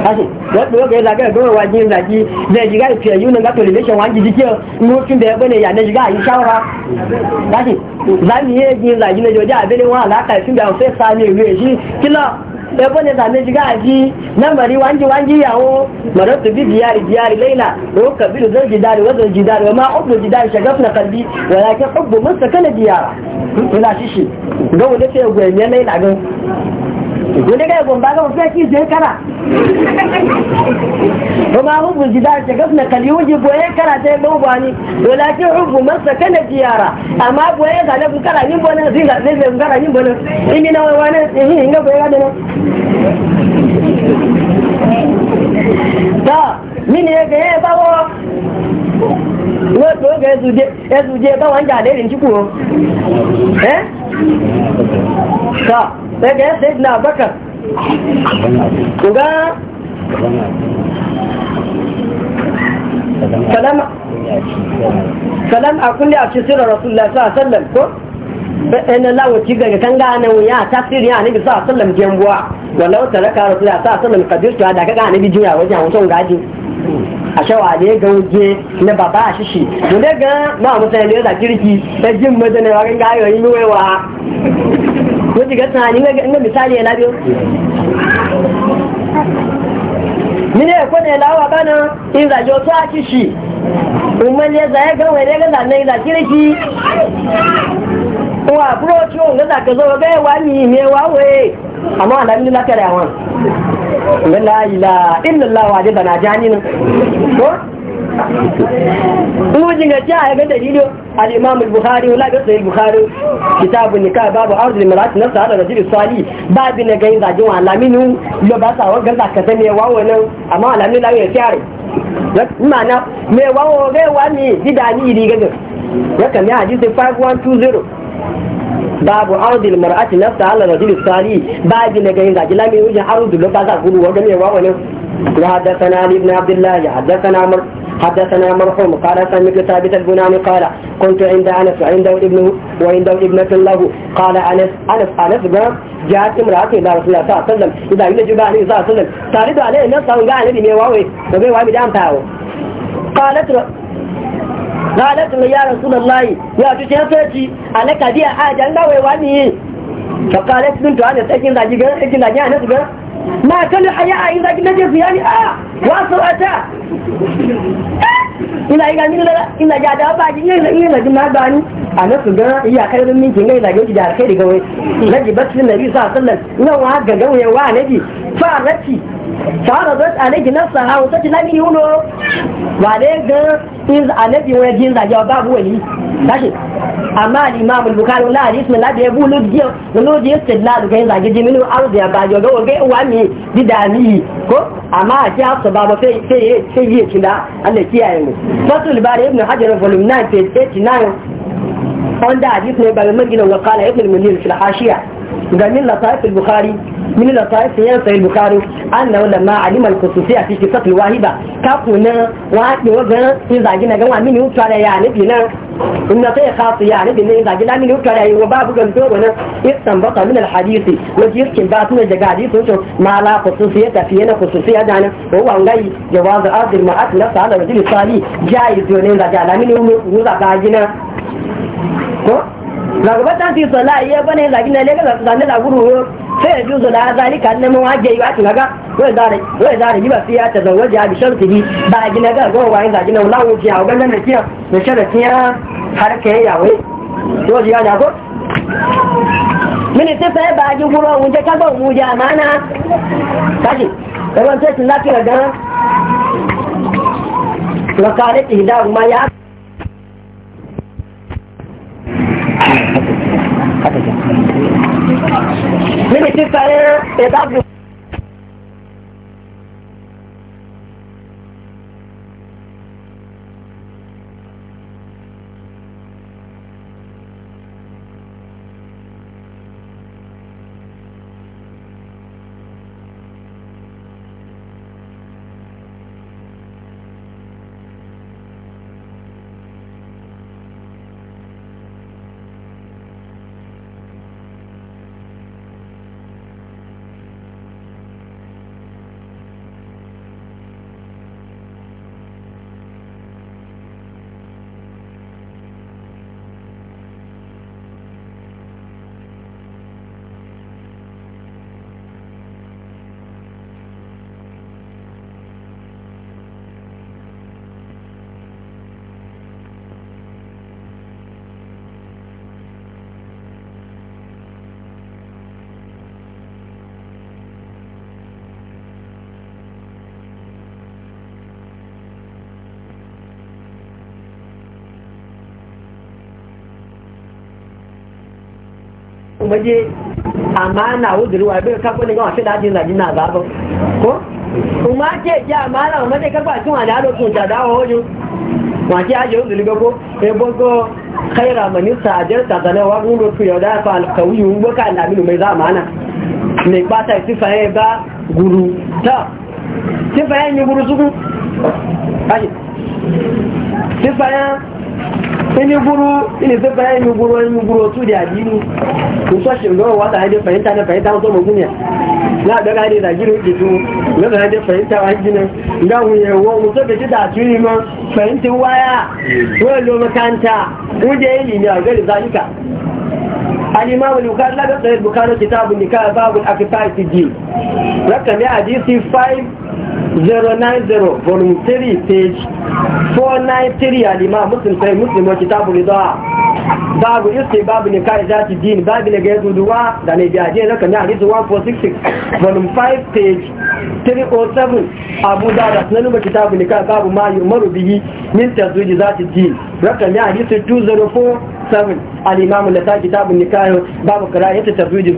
Speaker 1: láti lọ́pọ̀ lọ́pọ̀ ẹ̀dá gẹ́gẹ́ gbọ́rọ̀ wájú ńlá jí lẹ́jì gáì fi ẹ̀yí náà gátò lè lẹ́sẹ̀ jìjì kí ọ ní ó fi bẹ̀ẹ́ pẹ́lẹ̀ ìyànẹ́jì yìí ṣáwọ́ra. láti zami ye ji la ji na jo ja bele wa la ka da fe sa ni we ji kila e ne da ne ji ga ji na mari wanji wanji ya mara bi laila bi ji dari ji dari wa ma ji dari sakana diyara ga sai ne laila wani ga yagon baga mafi yaki zai kana kuma hubu jida ce gafna kaliyu ji boye kara ta yi gauba ni walakin hubu masa kana ziyara amma boye ga na bukara ni na zai ga zai bukara nye bonan imi na wani wani ehi eh, inga boye ga dana ta mini ya ga ya bawa oge ẹzùjẹ báwọn jà lẹ́rìn tí kò ẹ́ sọ sai ga yadda na bakar ga salam a kulle a cikin sirar rasulullah sa sallam ko ɗan lawaci ga kan gane ya tasiri ya nabi sa sallam jembuwa walau taraka rasulullah sa sallam kadirtu da ka gane bijin ya wajen wajen gaji a shawa ne ga wuje na baba a shishi to daga ma mutane da kirki ta jin madana wa kan gayo yi wa ko tunanin tunani ga misali ya labiyo mine ko ne lawa bana in za jo ya zaya ga wai ga nan wa ka zo ga wa ni wa amma alhamdulillah la ilaha illallah janin ko
Speaker 3: mujin
Speaker 1: ga ja ya ga dalilu al-imam al ga sahih bukhari kitabu nikah babu ala babu na alaminu lo ba sa ka zame amma ya mana wa ni iri gaga ya hadisi 5120 babu ala babu na lo ba sa wa حدثنا مرحوم قال سمعت ثابت البناني قال كنت عند انس وعنده ابنه وعنده ابنه له قال انس انس انس قال جاءت امراه الى رسول الله صلى الله عليه وسلم اذا يجب عليه صلى الله عليه وسلم تريد عليه الناس وقال عليه مي واوي وبي واوي دام تاو قالت قالت يا رسول الله يا تشي عليك دي حاجه لا وي فقالت بنت انس اكن ذا جيغا اكن ذا انس ما كان na إذا نجس ni a wasu wata. ina yi gani lalala ina ja da ba ji yin yin lajin na gani a na su gana iya kai don minkin gai lagin ki da alkai daga wai laji bakin nabi sa sallan ina wa ga gawayen wa na nabi fa rafi sahara zai tsane ginan sahara wata tilami yi ulo wale ga in anabi wani jin zage wa babu wani tashi amma al-imam al-bukhari wala hadith min labi yabu istidlal ga zage ya bajo ga ga wa mi didani ko amma ba ba sai sai sai yi Allah kiyaye mu fatul bari ibn hajar volume 9 page 89 hadith ne ba ga magina wa qala ibn al-munir fil hashiya قال من لطائف البخاري من لطائف ينسى البخاري أنه لما علم الخصوصية في قصة الواهبة كفنا وعد وزن إذا جينا جوا من يوتر يعني بنا إن شيء خاص يعني بنا إذا جينا من يوتر يعني وباب جندور هنا استنبط من الحديث وزير كبار من الجعدي فشو ما لا خصوصية فينا خصوصية دعنا وهو عن غي جواز أرض المعاد نفس على رجل الصالي جائز يعني إذا جينا من يوتر يعني gaba ta ti sola iya bane zagi na lega zane da guru yo sai ju sola zali kan ya tun ga wai zare wai zare yiba sai ya tazawaje a ba gina ga go wai zagi na lawo ji a ne kiya ne sharatiya har kai ya wai yi, ji ya ko mini ti fẹ́ bá ajú fúnra òun jẹ́ kágbọ́ òun jẹ́ àmàna káṣì ẹgbọ́n tí ó ti lápẹ̀ ọ̀dán lọ́kàálẹ̀ ìdáhùn máa ẹ̀dá fi. maje amana wudiri wa bai kakwa ne gawa fi dajin na gaba ko kuma ke ki amana wa maje tun ta dawo aje wudiri e khaira ta wa tu mai zamana ne ya ba guru ta sifa ya ne guru suku sifa ya ini buru ini zai bayan yi guru wani guru su da adini shi gawa wata hajji fahimta na fahimta wato maguniya na da gane da gina na hajji fahimta wa gina ga wuye wa mutu da jida tuni ma fahimta waya wani lo makanta wuje yi limiya gari zalika الإمام البخاري لا بطل البخاري كتاب النكاح باب الأكفاء في الدين رقم حديث 5 090 volume 3 page 493 alima muslim sai muslim wa kitabu rida babu iske babu ne kai zati din babu ne ga duduwa da ne biya je rakami hadisi 1466 volume 5 page 307 abu da da sunan ba kitabu ne kai babu ma yumaru bihi min tazwiji zati din rakami hadisi 2047 alimamu da ta kitabu kai babu qira'atu tazwiji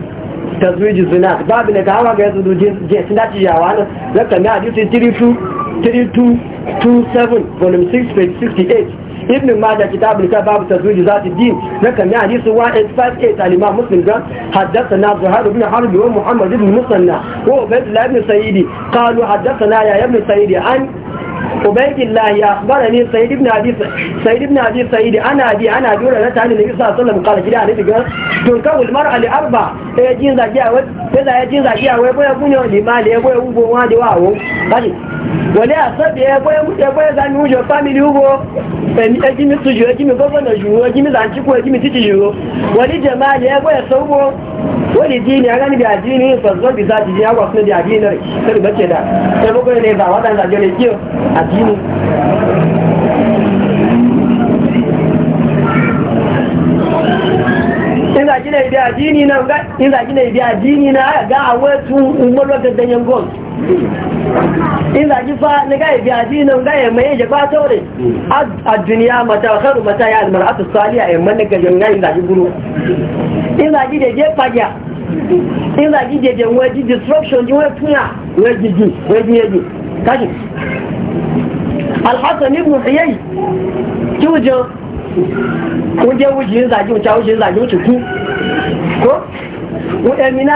Speaker 1: tazwiji zina babu ne ta hawa ga yanzu duje sun dace yawa nan zaka mai hadisi 3227 volume 6 page 68 ibn majah kitab al-kabab tazwij zat ad-din zaka mai hadisi 1858 al-imam muslim ga haddathana zuhair ibn harb wa muhammad ibn musanna wa ubayd ibn sayyidi qalu haddathana ya ibn sayyidi an ubaydillah ya bara akhbarani sayyid ibn abi sayyid ibn abi sayyid ana bi ana dora na tani nabi sallallahu alaihi wasallam qala kida ne diga tun ka wal mar'a li arba e jin za giya wai sai da jin za giya wai boye kunyo ni mali e boye ugo wa de wawo kaji wale asabi e boye e boye za ni ujo family ugo emi e mi sujo e mi gogo na ju e za nchi ko e mi titi ju wali jama'ali e boye saugo wani dini ya gani da addini fa zo bi za ji ya wasu da addini ne sai bace da sai bugo ne ba wadan da jere kiyo a addini ina gina ibi addini na ga ina gina ibi addini na ga awetu umar da danyen gold ina ji fa na ga ibi addini na ga mai je fa tore a duniya mata kharu mata ya almar'atu salihah ya man ga janga ina ji guru ina ji da je faja ina ji da je waji disruption ji wai tuya waji ji waji ji kaji alhassan ibn hiyai kiwujin wuje wuje zagi wuce zagi wuce ku ko wadamina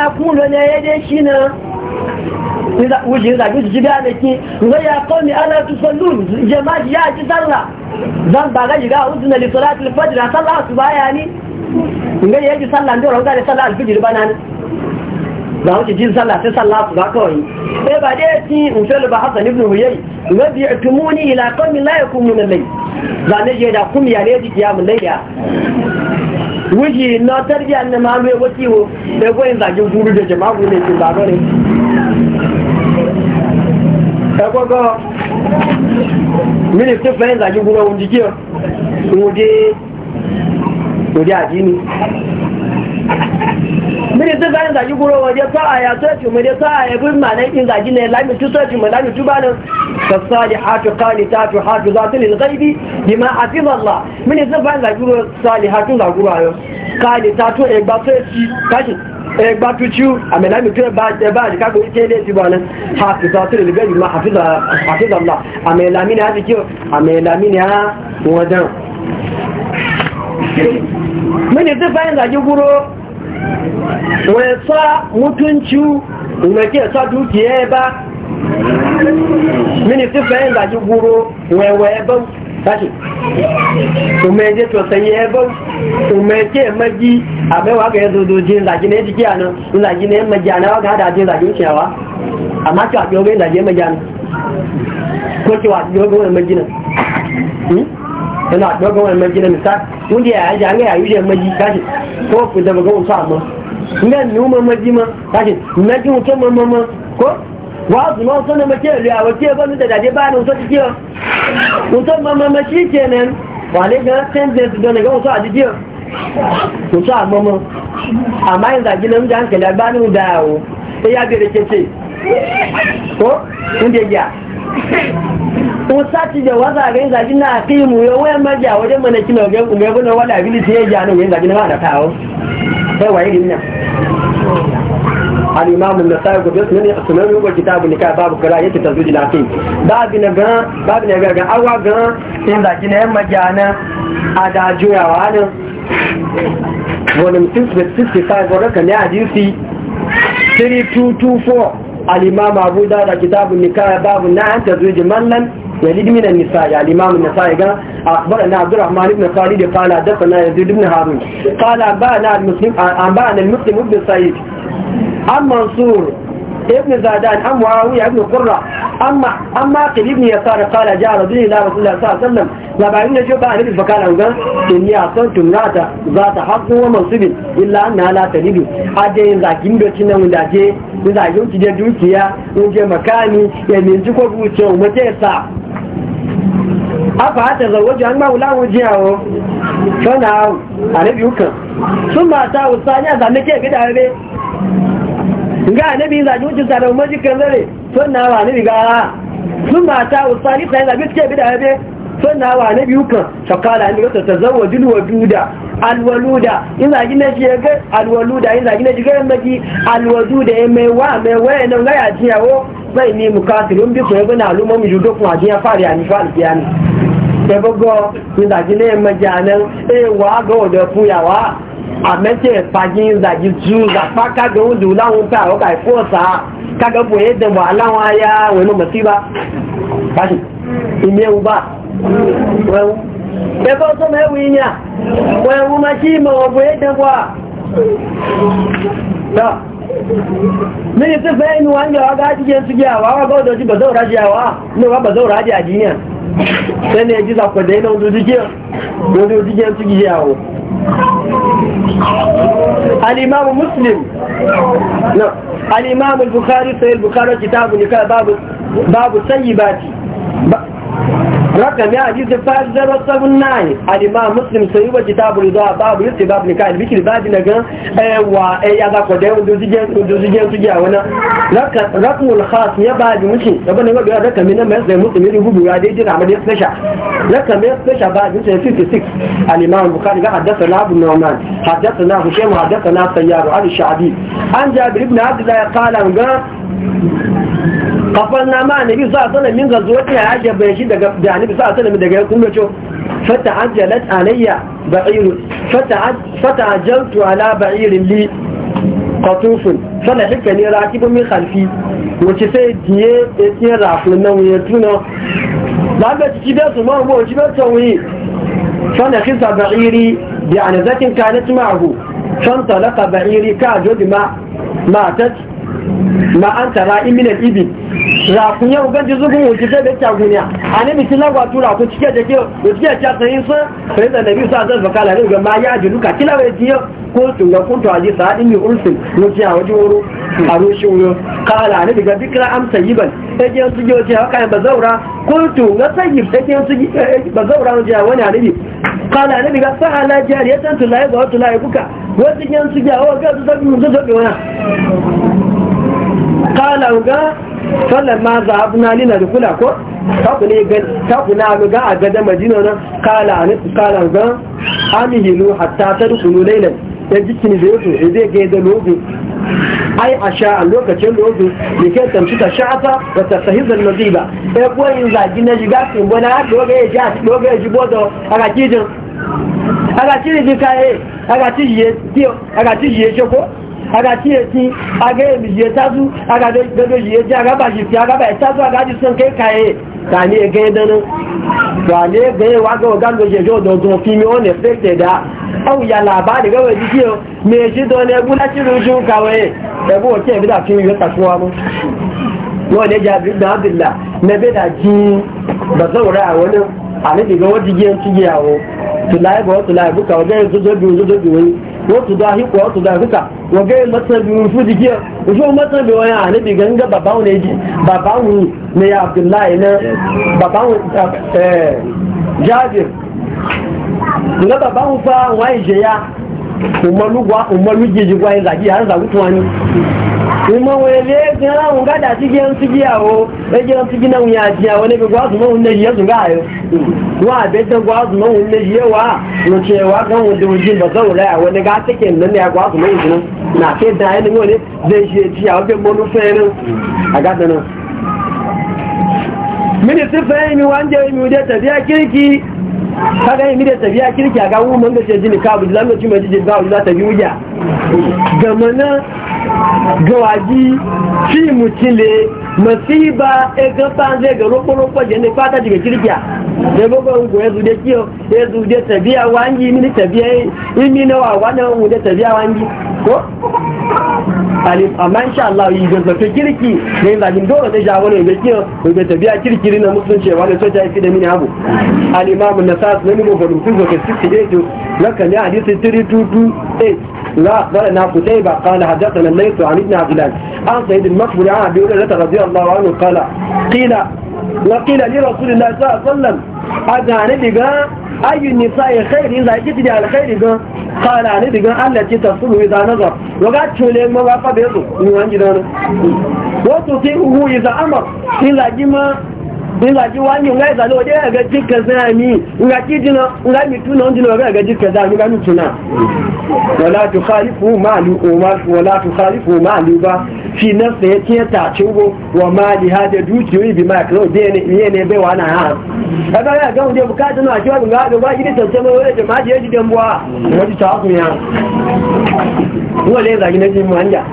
Speaker 1: ne ya dai shi na wuje zagi wuce jibi da ke ga ya ala ya ji sallah zan ba ga shiga na a sallah su baya ni ya ji sallah da sallah bana ni ba wuce jin sallah sai sallah su ba kawai sai ba dai ci in ba hasan ibn huyay atumuni ila la yakumuna lay za ne je da kum ya ne ji layya wuji na tarbiya ne ma mai wati da goyin guru da
Speaker 2: ne ki ba ta gogo mini
Speaker 1: guru ajini mini sun ganin gaji guro waje sa'a ya soci mu dai sa'a ya bin ma ne in gaji ne lami tu soci mu lami tu banin fasali hatu kani tatu hatu za su lil gaibi bima hafiz Allah mini sun ganin gaji guro sali hatu ga guro ayo kani tatu e gba soci kashi e gba tu ciu ame lami tu ba e ba ji kago ite ne ti banin hatu za su lil gaibi ma hafiz Allah ame lami ne ha ji kiyo ame lami ne ha wadan mini sun ganin gaji guro wai sa mutunci umarki sa dukiya ba minisi fayin da ji guro waiwaye ba tashi umarki to sanyi ya ba umarki magi a baiwa ga ya zozoji zaki ne jiki a nan zaki ne magi a ko ki yana ɗaukar wani mai gina misa wanda ya yaji an ga yayi da maji ko ku da amma nga maji ma na ji ma ma ko wa su ma ya wace da ba ma ma ma shi wa ga ga a amma ma amma gina da hankali da sai ya ko inda ya sati da waza ga yin zaji na kai mu yo wayan maja wajen mana kina ga ku ga bana wala bili sai ya nan yin zaji na da tawo sai waye din nan al-imam an-nasa'i ko bismi ne sunan ko kitabun nikah babu kala yake tazuji na aqim babu na ga babu na ga ga awa ga yin zaji na yan maja na adajuyawa ne volume 665 wadda kan ya hadisi 3224 al-imam abu dawud kitabun nikaya babu na an tazwiji man lam يزيد من النساء يعني الإمام النساء قال أخبرنا عبد الرحمن بن خالد قال حدثنا يزيد بن هارون قال أنبأنا المسلم أنبأنا المسلم بن سعيد عن منصور ابن زادان عن معاوية بن قرة أما أما قل ابن يسار قال جاء رجل إلى رسول الله صلى الله عليه وسلم لبعين جواب عن ابن فقال أنه إني أصنت امرأة ذات حق ومنصب إلا أنها لا تلد أجين زاكين بيتنا ونداجي ونداجي ونداجي ونداجي ونداجي مكاني يعني انتكو بوتي ومتي ساعة afa hata zawaji an ma wula wuji a na biyu sun ba ta wusa a ke gida rabe ga anabi zaji wucin sun a na gara sun ba ta wusa ne sai ke gida sannan wa na biyu kan shakala ne ta tazawwajul waduda alwaluda in zagi na ji ga alwaluda in zagi na ji ga maki alwaduda ya mai wa mai waya nan ga ya ji yawo bai ni mukatirun bi ko ya na alumma mu judo kuma ji ya fari ani fa alkiyani da bago in zagi ne majanan eh wa ga odo fuyawa a mẹ́tẹ̀ ìpàgí ìdàjí jù zàpá kágbẹ̀ oúnjẹ láwọn pẹ́ àwọn kàìkú ọ̀sá kágbẹ̀ bòye dẹ̀bọ̀ aláwọn ayá wẹ̀nà mọ̀ sí bá. ìmẹ́ ẹgbẹ́ tó mẹ́wìí ìyà wẹ̀wù ma ṣí ìmọ̀ ọ̀bọ̀ ẹ̀dẹ̀gbà Mini sun ba zaura jiyawa, ne ba zaura ji a duniya. Muslim, Bukhari Bukhari babu babu sayyibati. رقم يا عزيز فاز زر الناي علي ما مسلم سيوبة كتاب الرضا باب يسي باب نكاح البكر بعد نجا ايوا اي هذا قد ودوزي جن ودوزي جن تجي وانا رقم رقم الخاص يا بعد مشي ربنا ما بيقول رقم من ما زي مسلم اللي هو بيقول دي جن عمليه سبيشال رقم سبيشال بعد مشي 56 الإمام البخاري حدثنا أبو النعمان حدثنا هشام حدثنا سيار علي الشعبي عن جابر بن عبد الله قال kafan na ma ne sa sallam min ga zuwa ya yaje bai shi daga jani annabi sa min daga kun gaco fata ajalat alayya ba'ir fata fata ajaltu ala ba'ir li qatuf fala hikka ni rakibun min khalfi wace sai diye yin rafin nan wuya tuna zaga ciki da su ma mu ci ba tawi fala khisa ba'iri bi anazatin kanat ma'ahu fanta laqa ba'iri ka jodi ma matat ma an tara imminent ibi rakun yau ganji zugun wuce zai da kyaguniya a ne bikin tura ko cike da kyau da cike kya sayin sun sai da nabi sa zai fakala ne ga ma ya ji duka kila bai ji ko tun ga kuntu aji sa din mi ursin wuce a waje wuro a rushin wuro kala ne daga dikra am sayiban sai ji su ji haka ba zaura kuntu na sayib sai ji su eh, ba zaura wuce wani anabi kala ne daga sa'ala jariyatan tulai ga wata lai buka wasu yan su ga wa ga su zabi mun zabi wani kala ga sallan ma za abu na lina da kula ko takuna ga a gada majina na kala ga amihilu hatta ta rukunu lailan ya jikin da yato ya zai gaida lobe ai a sha a lokacin lobe da ke tamci ta sha'ata da ta sahizar ba ya kuwa yin zagi na shiga sun gona lobe ya ji a lobe ya ji bodo a rakijin a rakijin kaye a rakijin ya ko agaci eti aga emiji etazu aga gaggaji eji aga baji aga baji etazu aga ji sun kai kaye ka ne gaye dana ka ne gaye waga ga jeje e ododo fi mi on effected da au ya labari ga waje kiyo me ruju ebu ke da fi yo takuwa mu no ne jabir da abdullah da ji wani àníbi gan wọ́n ti gé ẹtí gé àwọn bi bọ̀ tùláì bùkà wọ́n gẹ́yìn tó tóbi tó tóbi wọ́n wọ́n tù dá hípọ̀ wọ́n tù dá bùkà wọ́n gẹ́yìn mọ́tàbí wọn fún dìgé oṣù wọn mọ́tàbí wọn yẹn àníbi gan gẹ́ bàbá wọn èjì bàbá wọn ní abdullahi ní bàbá wọn jábìr nga bàbá wọn fa wọn àìjẹ ya òmọlúgbà òmọlúgbèjì wọn àìzàjì àìzàgùtù wọn ni. kuma wele gina wunga da su giyan su giyawo ya giyan su e gina wuya jiya wani bi gwazu mawun na jiya su ga yau wa abetan gwazu mawun na jiya wa no cewa kan wanda wujin ba zau laya ne ga take nan ya gwazu mawun jinin na ke da ya nemo ne zai shi jiya wabe bonu fere a gada nan mini su fahimi wanda ya mi da tafiya kirki kaga yi tafiya kirki a ga wuman da ce jini kabu da lamarci mai jijin ba wuja ta biyu gama na gawaji fíìmù tilẹ̀ masiba ẹgbẹ́ pàǹzẹ̀ ẹgbẹ́ rọ́pọ̀rọpọ̀ jẹ́ ní pátá jìgẹ̀ kìrìkìá lẹ́gbọ́gbọ́ ogun ẹzùdé kí o ẹzùdé tẹ̀bí àwọn yí ní tẹ̀bí ẹ̀mí náà wà náà wọ́n dé tẹ̀bí àwọn yí ko amma insha Allah yi zato kirki ne yin zagin dole da jawo ne bai kiyo bai tabiya kirkiri na musulunci wani
Speaker 2: so ta yi da mini abu al imamu nasas na nimo gudun kun zoke 68 lakan ya hadisi 3228 لا وأخبرنا قتيبة قال حدثنا الليث عن ابن عبدالله عن سيد المقبول عن أبي هريرة رضي الله عنه قال قيل وقيل لرسول
Speaker 1: الله صلى الله عليه وسلم اذا نبي أي النساء خير إذا جتني على خير قال عن نبي التي تصل إذا نظر وقد شلين مواقع بيضه يوانجدان وتطيعه إذا أمر إذا جمع nga ji wani nga zalo wade ga jikka zami nga kijina nga mituna ndino ga ga jikka zami ga mituna
Speaker 2: wala tukhalifu ma li umar wala tukhalifu ma li ba fi nafsi yake ta chugo wa ma li ma kro ne ne be wana
Speaker 1: ha ya ga na ji wani ga ga ba gidi tantan mai wani jama'a ji ji dambuwa ta ku ya na ji anja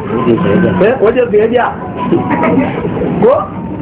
Speaker 2: eh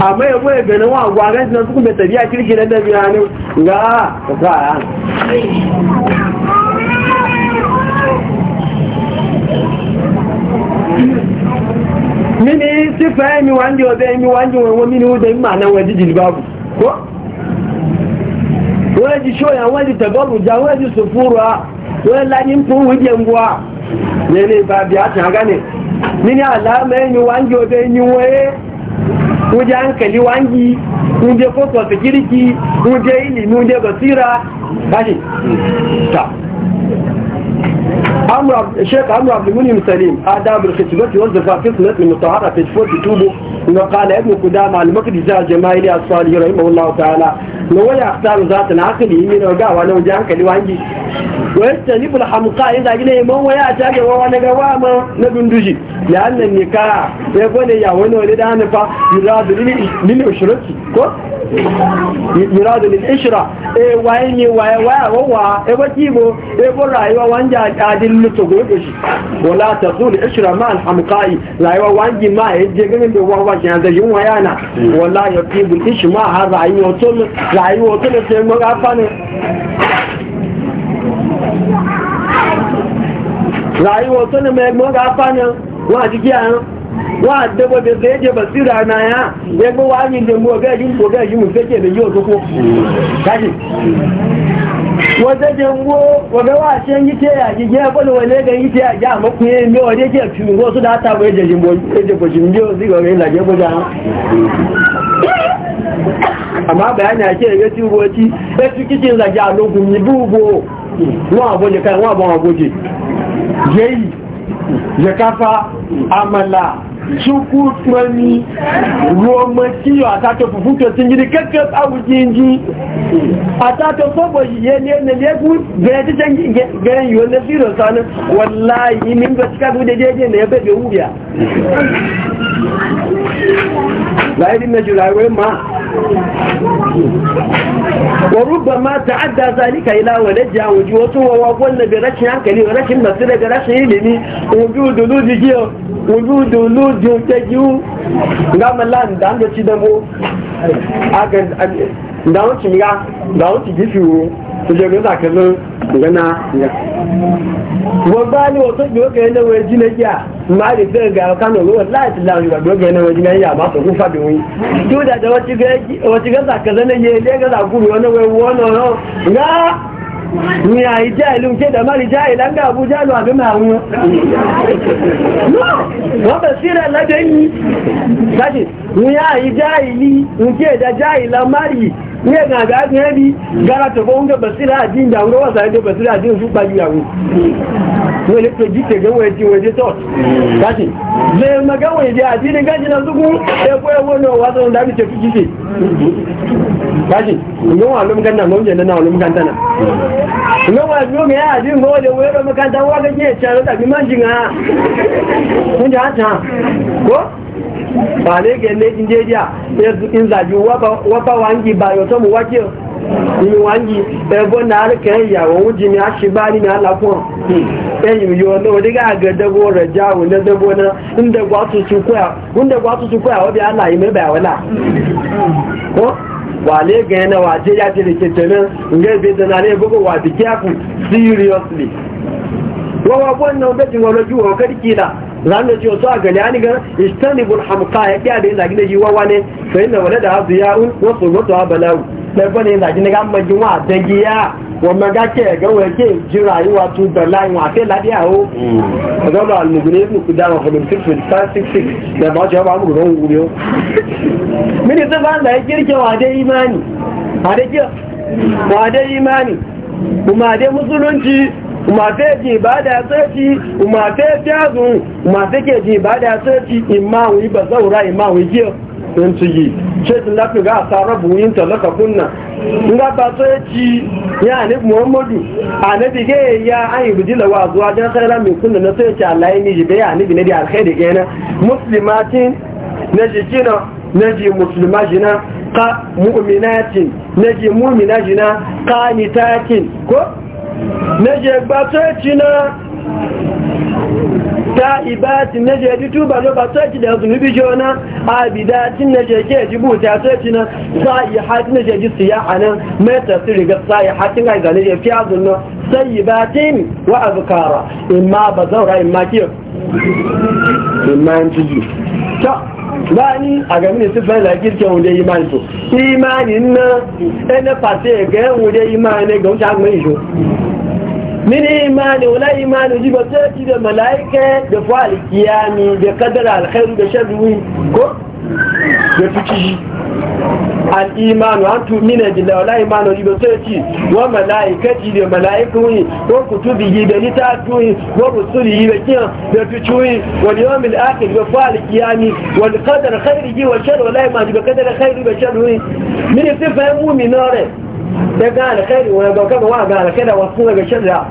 Speaker 2: amma ya goya gani wa gwagan suna suku mai tafiya kirki na da biyanin ga a sa a yana mini sifa ya mi wanda ya zai mi wanda wani mini wuda yi ma'anan waje babu ko waje shoya waje tabaruja waje sufura waje lanin tun wujen guwa ne ne ba biya ta ne mini alama ya mi wanda ya zai mi waye kuje hankali wangi kuje kotu wata kirki kuje ilimi kuje basira bashi ta sheik amur abdulmuni musalim adabar khisbati wani zafafin sunat min mutahara page 42 book na kala ibn kudama al-makdisa jama'ili as-salihi rahimahullahu ta'ala na waya akhtaru zata na akhiri yimina ga wajen hankali wangi wata nifin hamka yin zagi ne man waya a tage wawa na gawa ma na dunduji ya hannun ne kaya ya gwane ya wani wani da hannun fa yuradu lili ishiraki ko yuradu lili ishira
Speaker 1: e waye ne waye waya
Speaker 2: wawa e ba kibo e ba rayuwa wanda a kadin lutu gobe shi wala ta zo da ishira ma alhamkai rayuwa wangi ma ya je ganin da wawa shi yanzu yin waya na wala ya kibo ishi ma har rayuwa tun rayuwa tun da sai mun gafa ne rayuwar suna mai
Speaker 1: wa jiki a nan wa dabo da zai je basira na ya ya gbo wa da mu ga yin ko ga yin ke da yau ko kaji wata jango waga wa shen yite ya ji ya bal wale ga yite ya ja maku ne me wale ke tungo su da ta bai ga la je ko ya
Speaker 2: amma bayani ake ga tuboci sai kicin zaga wọ́n àbọ̀ jẹ́ká wọ́n àbọ̀ àwọn àbójì yẹ́yì jẹ́káfá àmàlà ṣúkú tọ́ni rọmọ tí yọ àtàtọ̀ fùfú tó yìí kẹ́kẹ́ àwùjíjí àtàtọ̀ fọ́bọ̀ yìí ní ẹni lẹ́gbù gẹ̀rẹ́ títẹ́ gẹ̀rẹ́ yóò láyé ní jùlọ àwọn ẹ̀mà wọ̀rúgbà máa ta àdá zalika ilá wọ̀lẹ́ jẹ́ àwọn ojú wọ́n tún wọ́n wọ́n gbọ́n lẹ́bẹ̀ rashin hankali rashin nasira da rashin ilimi ojú dùnú di jí ojú dùnú di ojú gámàlá ìdáńdó ti dánwó ìdáwó ti gá ìdáwó ti tuje ga za ka zan gana ga wanda ni wato biyo ga yana waje na
Speaker 1: kiya ma da ga ga bi
Speaker 2: wani ní ẹ̀nà àgbà ti rẹ́ bí gara tọ̀fọ́ oúnjẹ na àti ìjà àwọn ọwọ́ sàájẹ́ bẹ̀sílá àti oṣù pàjú àwọn wọ́n lè pèjì tẹ̀gẹ́wọ̀ ẹ̀tí wọ́n na tọ́ọ̀tì láti lè mọ̀gẹ́wọ̀ èdè àti ní gájìnà tókún na ẹwọ́ náà wá na ń dárí
Speaker 1: tẹ̀ fíjì tẹ̀ láti ìgbọ́n ba ne ke ne in je jiya in zaji wata wangi ba yau samu wake yi wangi ebo na harka ke ya wuji ne a shi bani e ne ala kuwa ɗan yi yiwu na wani ga ga dago raja wani dago na ya gwatu su koya inda gwatu su koya wabi ala yi mai bayawala
Speaker 2: ko wale ga yana na ya ce da ke na ne gogo wa be careful seriously
Speaker 1: ranar ce wasu a gani an ga istanibul hamka ya kiya da yin zagi na jiwa wane sai na wale da hazu ya un wasu wasu ha balawu ɗan fana yin zagi na ga amma jiwa da giya wa
Speaker 2: maga ke ga wai ke ji rayuwa tu da layin wa fe lafiya o? Hmm. a zaura almugune ibn kudama hulun 666 da ba ce ba mu ron wuriyo mini sai ba da ya kirke wa dai imani A wa dai imani kuma dai musulunci umarfe ji ba da ya tsoci umarfe fiyazu umarfe ke ji ba da ya tsoci imawu yi ba zaura imawu yi in su yi ce su lafi ga asara buyin talaka kunna in ga ba tsoci ya ne muhammadu a na dige ya an yi bujila wa zuwa don sarara mai kunna na tsoci alayi ni jibe ya nibi na da gina kenan muslimatin na jikina na ji musulma jina ka mu'minatin na ji mu'mina jina ka kanitatin ko méje gba tọ́ẹ̀tì náà ta ìbá ti méje títú bà ló bà tọ́ẹ̀tì da ọdún níbi jọ náà àbìdá tí méje jẹ́ ìjìbù
Speaker 1: a tọ́ẹ̀tì náà sáàyì tí méje jí síyá àná mẹ́ta sí riga sáàyì tí láì fi azùn náà sáyì bá tí ní wà azùkara ìmá bà zaura ìmá kí
Speaker 2: ìmá ń tuju
Speaker 1: bani a game da sifar da kirkin ga yan wunde e e ga wuce haka min imani wala imani ji ba sai da malaika da fa'al kiyami da kadara alkhairu da sharri ko da fikihi
Speaker 2: al'imanu an wala ci wa da da da kiyan da wa akhir wa qadar wa
Speaker 1: sharri wala sharri sifa ده قال خير ولو كذا واه قال كذا وصفوه بشرع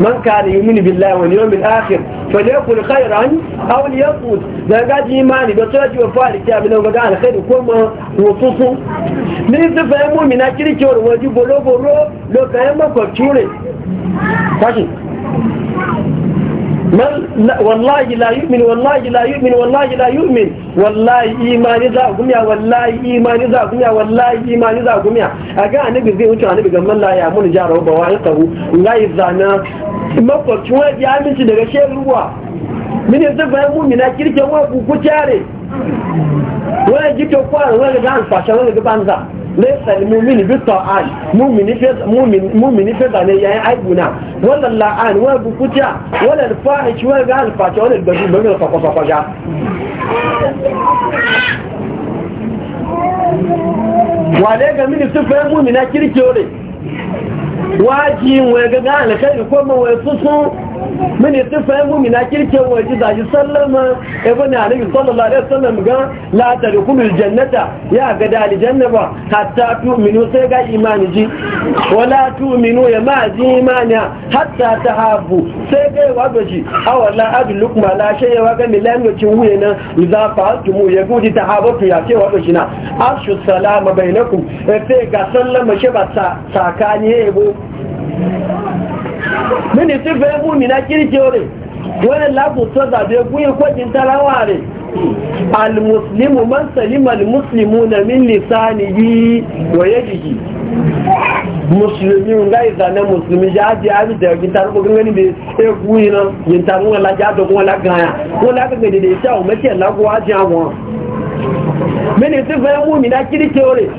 Speaker 1: من كان يؤمن بالله واليوم الآخر فليقل خيرا أو ليقود ده قال إيماني بطرج وفالك يا ابن الله قال خير
Speaker 2: وكما وصفه نريد فهمه من أكري كور ودي بلو برو لو كهما كورتوني فاشي
Speaker 1: wallahi la yu'min wallahi la yu'min wallahi la yu'min wallahi imani za gumiya
Speaker 2: wallahi imani za gumiya wallahi imani za gumiya a ga annabi zai wuce annabi ga man la ya mun jaro ba wa, wani tahu ngai zana makwabci wani ya aminci daga sheruwa min yanzu bayan mumina kirke wa ku ku tare wani jikin kwanan wani ga an fashe wani ga banza laysa mumini bi ta'an mumini fi mumini
Speaker 1: mumini fi da ne yayin aibuna wala la'an wa bu kuja wala al-fahish wa ga
Speaker 2: al-fahish wala al-badi ba ga fa fa ja wale ga mini su fa mumina kirki ore waji wa ga ga alkai ko ma wa susu mini tufa ya mumina kirkin waje zaji sallama ibn ali sallallahu alaihi wasallam ga la tadkhulul jannata ya ga dali janna ba hatta tu'minu sai ga imani ji wala tu'minu ya ma ji imani hatta tahabu sai ga wago ji awala adluk ma la shay yawa ga milango cin wuye na zafa tumu ya gudi tahabatu ya ce wago
Speaker 1: shi na ashu salama bainakum e sai ga sallama shi ba tsakani yebo ministry fẹ́ fún mi náà kíríkì rẹ̀ wani lábùtọ́ tàbí ẹkùn yẹn kọ́ jìn tarawa rẹ̀ almuslimu man salima almuslimu
Speaker 2: na min lisani yi wòye jìjì musulmi nga ìzànà musulmi jẹ́ àti àbìtẹ̀ gìntàrú kò gẹ́gẹ́ níbi ẹkù yìí náà gìntàrú wọn lájá dọ̀kún wọn lágàáyà wọn lágbègbè dèdè iṣẹ́ àwọn mẹ́tẹ̀ lágbó ájì àwọn ministry fẹ́ mú mi náà kíríkì rẹ̀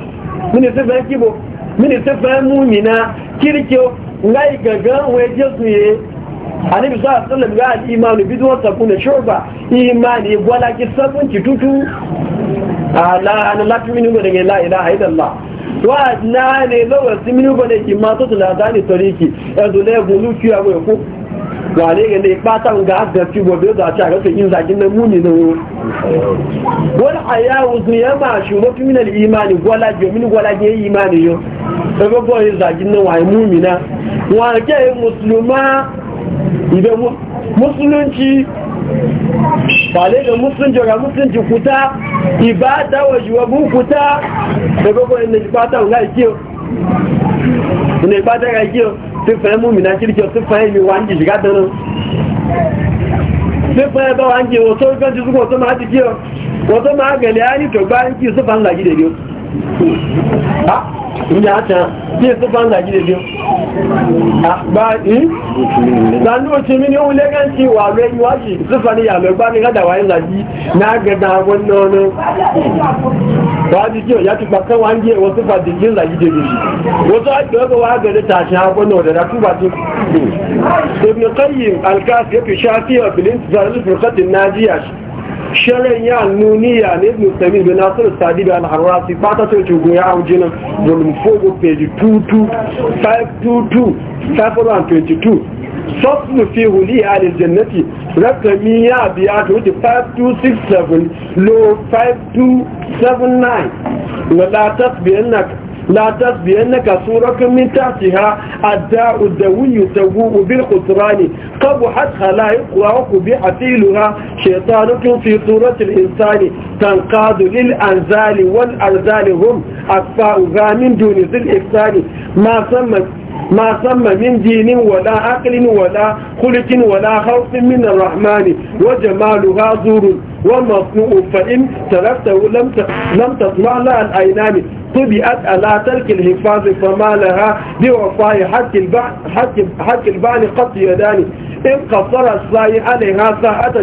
Speaker 2: ministry fẹ́ kíbo mini ta fahimu mina kirkiyo ngai gaga waje su ye annabi sallallahu alaihi wasallam ga al-imanu bi duwa ne shurba imani wala ki sabun ki tutu ala an la tuminu ga la wa na ne lawa siminu ga ne ki ma to da dani tariki edule gulu ki awo ko wane ga ne bata ga gobe za ga yin zagin nan muni na wuri wani su ya ma shi mafi minal imani gwala gwala imani yin zagin ke musulma musulunci musulunci ga musulunci kuta ibada wa jiwabu kuta daga bo yin ga ní ìpátẹ́ra jí o tí fẹ́ mú mi náà kìrìkì tí fẹ́ ìlú wa ń jì ṣìgá tánà tí fẹ́ ẹbẹ́ wa ń jì wọ́n tó gọ́jú súnkọ̀ tó máa ti kí o wọ́n tó máa gẹ̀lẹ̀ á ní ha inda hata ce su fan da biyu a ba yi zanu ce mini wule ganci wa mai waji su fani ya mai gbani gada wayan zagi na gada wannan ba ji kiyo ya tuba kan wange wasu ba jikin zagi da biyu wasu a ga da shirin ya nuniya ne ibn sabi bin nasiru sadi da al-harrasi ba ta soke goya a wujinan volume 4 page 22522 522 sọ́pùlù fi hùlí àlè jẹ̀nẹ́tì rẹ́pẹ̀mí yá àbí àtòjì 5267 lo 5279 wọ̀lá tàbí ẹ̀nà لا تسبينك صورة من تحتها الداء الدوي تبوء بالخسران قبحت خلائق وعقبح فيلها شيطانك في صورة الإنسان تنقاد للأنزال والأرزال هم أكفاؤها من دون ذي الإحسان ما سمت ما سمى من دين ولا عقل ولا خلق ولا خوف من الرحمن وجمالها زور ومصنوع فإن تركته لم لم لها الأينان طبئت على ترك الحفاظ فما لها بوفاء حتى البعن حتى حتى قط يداني إن قصر الصاي عليها ساعة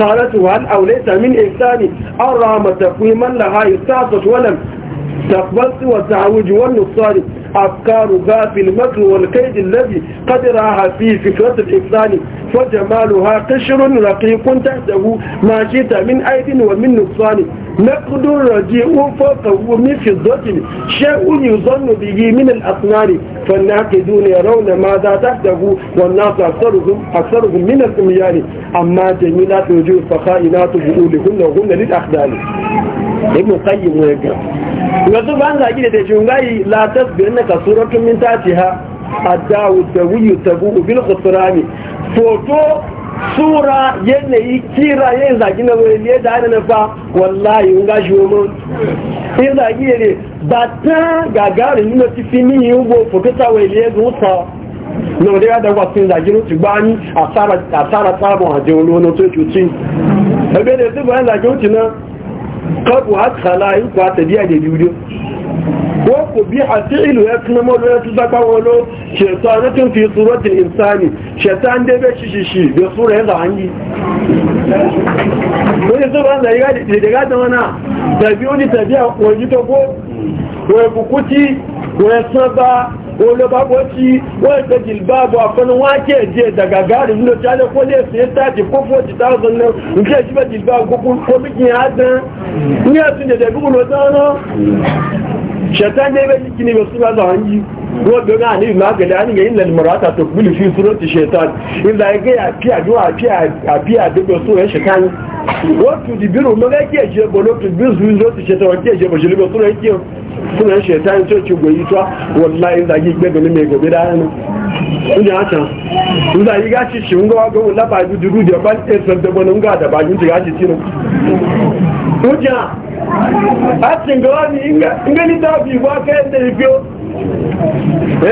Speaker 2: قالت هل أوليت من إحساني أرام تقويما لها استعصت ولم تقبلت وتعوج والنصاري أفكار ذات المكر والكيد الذي قد راها فيه فكرة الإفضال فجمالها قشر رقيق تحته ما شئت من أيد ومن نقصان نقد رجيء فوقه من فضة شيء يظن به من الأصنان فالناقدون يرون ماذا تحته والناس أكثرهم, أكثرهم من الأميان أما جميلات وجوه فخائنات بقولهن وهن للأخدان ابن قيم ويقرأ yanzu ba an zaki da ta shi ngayi latas birnin ka suratun min ha tatiha addawu tawiyu tabu bil qusrani foto sura yanayi kira yin zagi na wani ne da na fa wallahi yi ga shi woman in zagi ne ba ta gagarin nuna ti fi ni yi ugbo fotota wani ne zuwa na wani ya dagwa sun zagi no ti gbani a tsara tsabon a je olóòna tó cuci ebe da su bayan zagi wuce na kabu haka tsala yi kwa ta biya da biyu ko bi a fi'ilu ya tuna mawalo ya tuta kawalo tun fi suratul insani shaitan dai bai shi shi da sura ya zahangi wani sura da ya daga da wana tabi wani tabi a e kwaji e e ta ko wai kukuti wai saba olóbábọ́tí wọ́n ìpé jìlbáàbọ̀ àfẹ́nu wọ́n kí ẹ̀jẹ́ ìdàgàgáàrí nínú tí a lè kó lè fi ẹ́tàjì ko 40,000 náà nígbẹ́ ìṣíbẹ̀ jìlbáàbọ̀ kó mí kí á ne ní ẹ̀sùn jẹ̀jẹ̀ gúgbùn lọ́tọ́ náà shaitan ne bai ciki ne ba suna da hanji ko don a ne ma ga dani ga inda marata to bulu fi surati shaitan in da ga fiya do a fiya a fiya da ya shaitan di biro ma ga ke je bolo to bi su surati shaitan suna ke suna shaitan to ci goyi to wallahi da gi gbe gani me gobe da ne in da haka in ga shi ngo ga wala duru da ban e da bonon da láti ǹkan wá ní ilé ní dábì ìwá kẹ́ẹ̀dẹ̀ ìgbé ó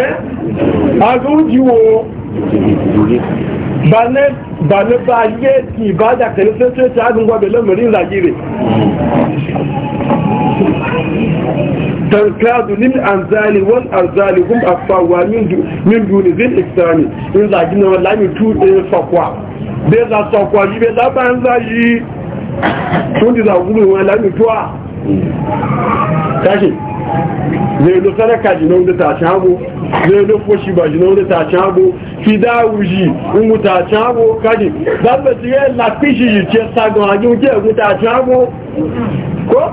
Speaker 2: ẹ́ agbóhùjì wo bàmẹ́bà ayé ti ìbájà kẹ̀lú tó tí agbóngbọ́bẹ̀ lọ́mọ̀rí ìlàjírẹ̀ tankadu lil anzali wal arzali hum afawa min duni zil islami in zagi na wala mi tu ɗaya e, sakwa bai za sakwa yi bai laban za yi tun ti zagulu wọn lamituwa tashi zai lo sadaka jina wanda ta cabo zai lo foshi ba jina wanda ta cago fi dawuji umu ta cabo kaji zaba ti yi lafishi ce sagon hajji wuce ta cabo ko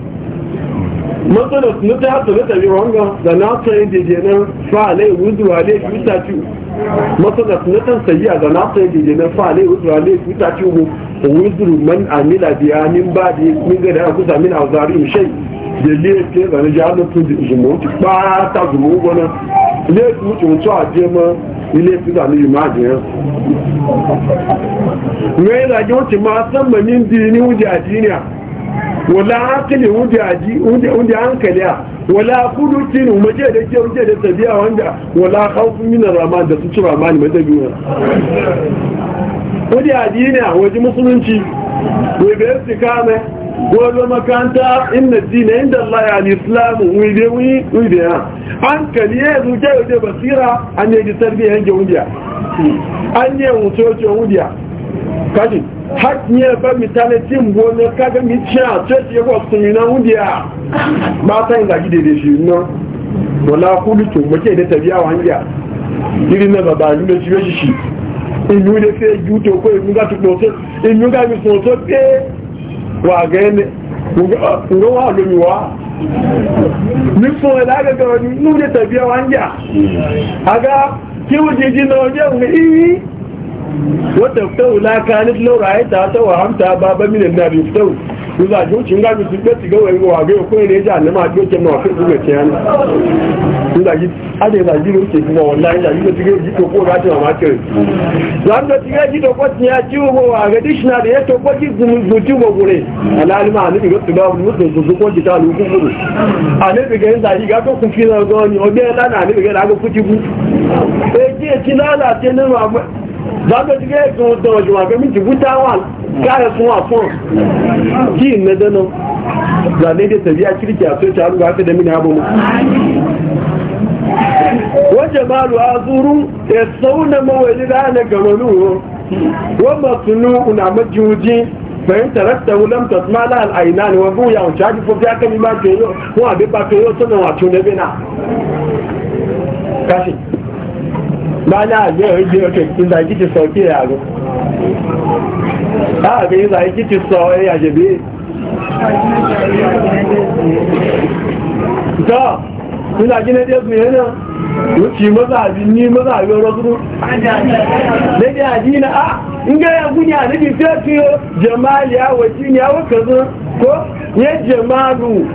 Speaker 2: matsalar na ta hata na tabi wanga da na wuzu da na tsayin dejenan fa'alai wuzu alai fita ci ko wuzu man amila biya min ba da min ga da kusa min auzari shai da lefe da na jihar tun da zumo ti kpara ta zumo gona lefe wuce wuce a je ma wala hankali wunde hankali a wala kudutin umarje da ke wuce da tabiya wanda wala haufin minar rama da su ci ramani mai tabiya wunde ne a waje musulunci wai bai su kame wani makanta inna dina inda Allah ya al'islamu wunde wunde ya hankali ya eh, zuke da basira an yi ji tarbiyyar yanke an yi wuce wuce wunde kashi haƙƙi ya ba misali cin gona kaga mi cin a cece ya wasu yi na wudiya mata yin zagi daidai shi na wala kudu to mace da tabiya wa hanya iri na baba ni da shi shi inu da fe to ko inu ga tukpo so inu ga mi so so pe wa ga ne ngo wa lo mi wa e ni so da ga ga ni nu da tabiya wa hanya aga ki wuje ji na oje ngi wata fitau la kanit laura ya ta ta wa hamta ba ba min da bi fitau ku za ji wuce gabi su ga tiga wani wa ga ko ne ja na ma ji wucin na kai zuwa ce yana ku za ji ade za ji wuce kuma wallahi za ji tiga ji to ko ga ta ma ke. za mu tiga ji to ko ya ci wa ga dishna da ya to ko ji zuci ba gure alalima ne ga tuba mu mutu su ko ji ta lu ku gure ale bi ga yin za ji ga ko ku fi na go ni obe lana ne bi ga ga ku ci bu e ji ci lala ce ne ma zaɓe ti gẹ́gẹ́ tó dán ọjọ́ wà fẹ́mí ti wúta wà káyẹ̀ fún wà fún kí ìnẹ́dẹ́ náà tẹ̀lé akíríkì àtúnṣe àrùgbà akẹ́dẹ̀mí ní wọ́n jẹ máa lù azúrú ẹ̀sọ́wọ́ na mọ́wọ́ ẹni ba ah, e, na ajiyar rijiyar oke inda kiti sauke yaro a ga inda kiti sauke ya jebe ta suna gina ɗaya su yana wuce mazabi ni mazabi rasuru da ke ajina a in ya gunya da ke fiye fiye jamaliya wacin ya wakazu ko ya jamalu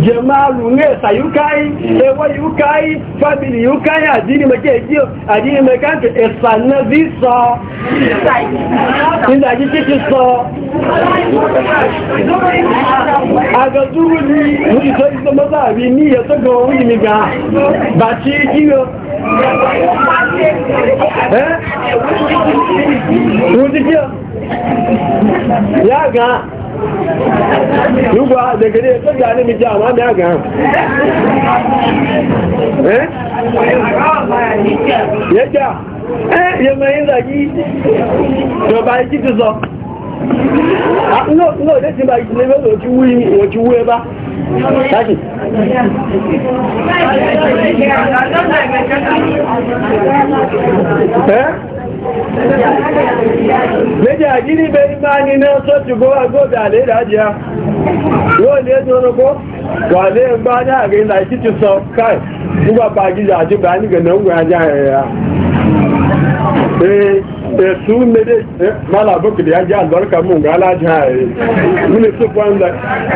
Speaker 2: jamalu ne sayukai ewa yukai family yukai adini make ejiyo adini make ante esana ziso inda ji kiki so agaduru ni ni so iso maza bi ni ya to go wi mi ga ba ti ejiyo eh rudi ya ga yugba da gare ya tsada ne miji amma da ga eh yadda eh ya mai zagi to ba no no da tin ba yi ne ba ki méjì àjírí bẹ̀rí máa ní náà tó ti gọ́ agbóbi àlè ìdájíá yóò lé dúnrúkú wà lé gbá ní àrí láìsí ti sọ káì nígbà bá jíjà àti bá ní gẹ̀nà òun ajá ẹ̀yà èsù méjì mọ́là bókìlì ajá àlọ́rùkà mú ǹgá alájá ẹ̀yẹ nílé sọ́pọ̀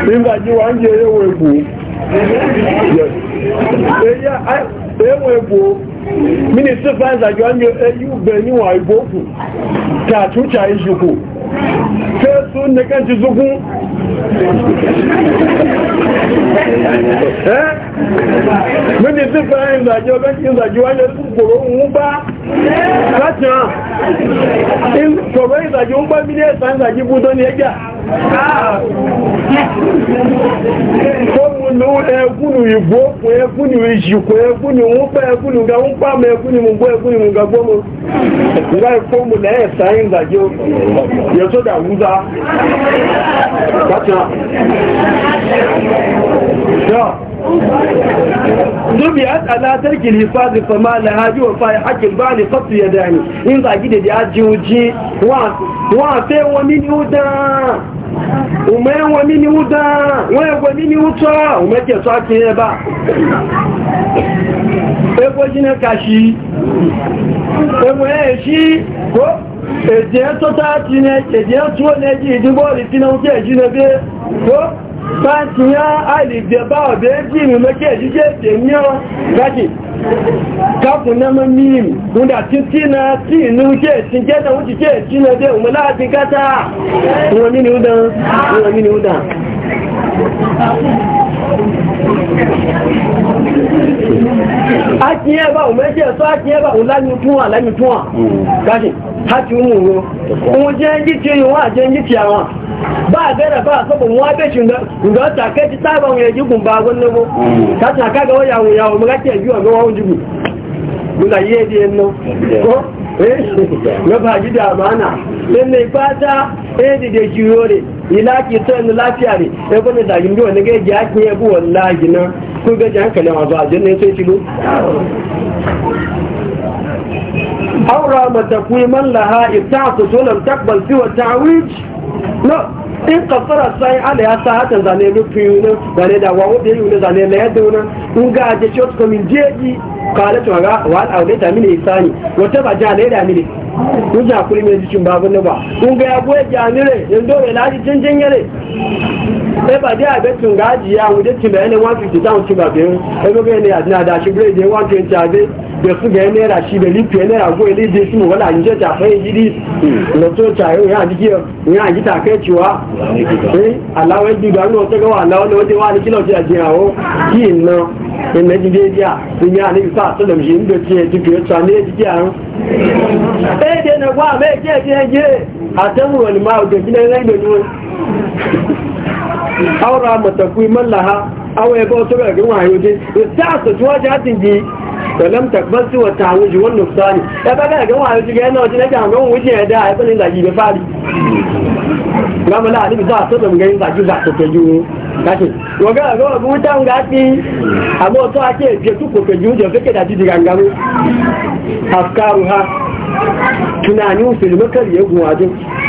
Speaker 2: nígbà jí wà ń jẹ́ ministry of finance àjọ ní ẹgbẹ́ níwọ̀n àìgbókù tààtúchà ìṣùkù fẹ́ẹ̀sù nìkan ti zúgún ministry of finance àjọ ọgbẹ́kìnsà àjọ wáyé kòrò ń bá láti hàn ìṣòro ìṣàjò ń gbá mílíẹ̀ sáńsà jíbú tó ní ẹgbẹ́ kómùnú ẹkùnù ìgbó kò ẹkùnù ìṣìkò ẹkùnù ńpẹ ẹkùnù ga ńpá mọ ga nga fama la haji hakin ba ya da ji uji wa wani ni umewe mini uda wewe mini uta umeke twaki eba ebo jina kashi ebo eji ko eje to ta tine eje to neji idibo ri tina o je jina be ko fásiyá àìlèdẹ̀bá ọ̀bẹ̀ jí mi mẹ́kẹ́ jíjẹ́ ètè ní ọ́ gájì kápùnná mọ́ mìírì múdà tí tí na tí inú jẹ́ ètì jẹ́ta ó ti jẹ́ ètì na òun láti gátà wọn nínú dán wọn nínú dán
Speaker 1: a ti yẹ báwọn méjì ẹ̀sọ́ a ti yẹ báwọn lẹ́yìn tún wà lẹ́yìn tún wà a ti mú ro òun jẹ́ ń jíti ìwọ̀n àti ń jíti àwọn bá àbẹ́rẹ̀ bá àsọ́bọ̀ wọn abẹ́ṣù ǹdọ́ta kẹ́jì ka wọn èjìgùn bá wọn lọ́wọ́ káàkiri àkágawọ́ yàwó yàwó mẹ́gàtẹ̀ Eh, na faji da amana don mai fata ɗaya da da kiyo ne ilaki ta yana lafiya ne ya kuma da gindi wani ga ya ki ya bu wallahi na
Speaker 2: ko ga ji hankalin a zuwa jinnan sai shigo aura mata kuyi man laha ita su sulam takbal siwa wuce.
Speaker 1: no in kafara sai ala ya sa hatan zane lufi yuna zane da wawo da yuna zane na yadda yuna in ga aje shot komin jeji kala to ga wa aure ta mini isani wata ba ja da mini kun ja kuli mai jikin babu na ba in ga ya boye ja ne re in
Speaker 2: dole na ji jinjin yare sai e ba dai be tun gaji ya wuje ti bayane 150 down ti ba be e go be ne ya da shi grade 120 be. da su ga naira shi da lifiya naira goyi ne da su wala an je ta fai gidi na to ta yau ya jike ya ji ta kai eh Allah wai da no ta ga Allah wala wai wani kilo ji a jirawo ki no in na ji dai sun ya ne sa sallam shi inda ce ji ke ta ne ji ya eh dai na kwa me ke ke je a tamu wal ma ga gidan rai da duwa aura mata kuyi mallaha awaye ba wasu ga gwa yau dai da ta su tuwa jatin ji walam takbal wa ta'awuji wan nufsani
Speaker 1: ya ba ga gan wayo jiga yana wajen ga gan wuje ya da ai bane zagi be fari ga mala ali za so da ngai zagi za to keju kace wa ga ga bu ta ngati
Speaker 2: amma to ake je tu ko keju je da tunanin filmakar ya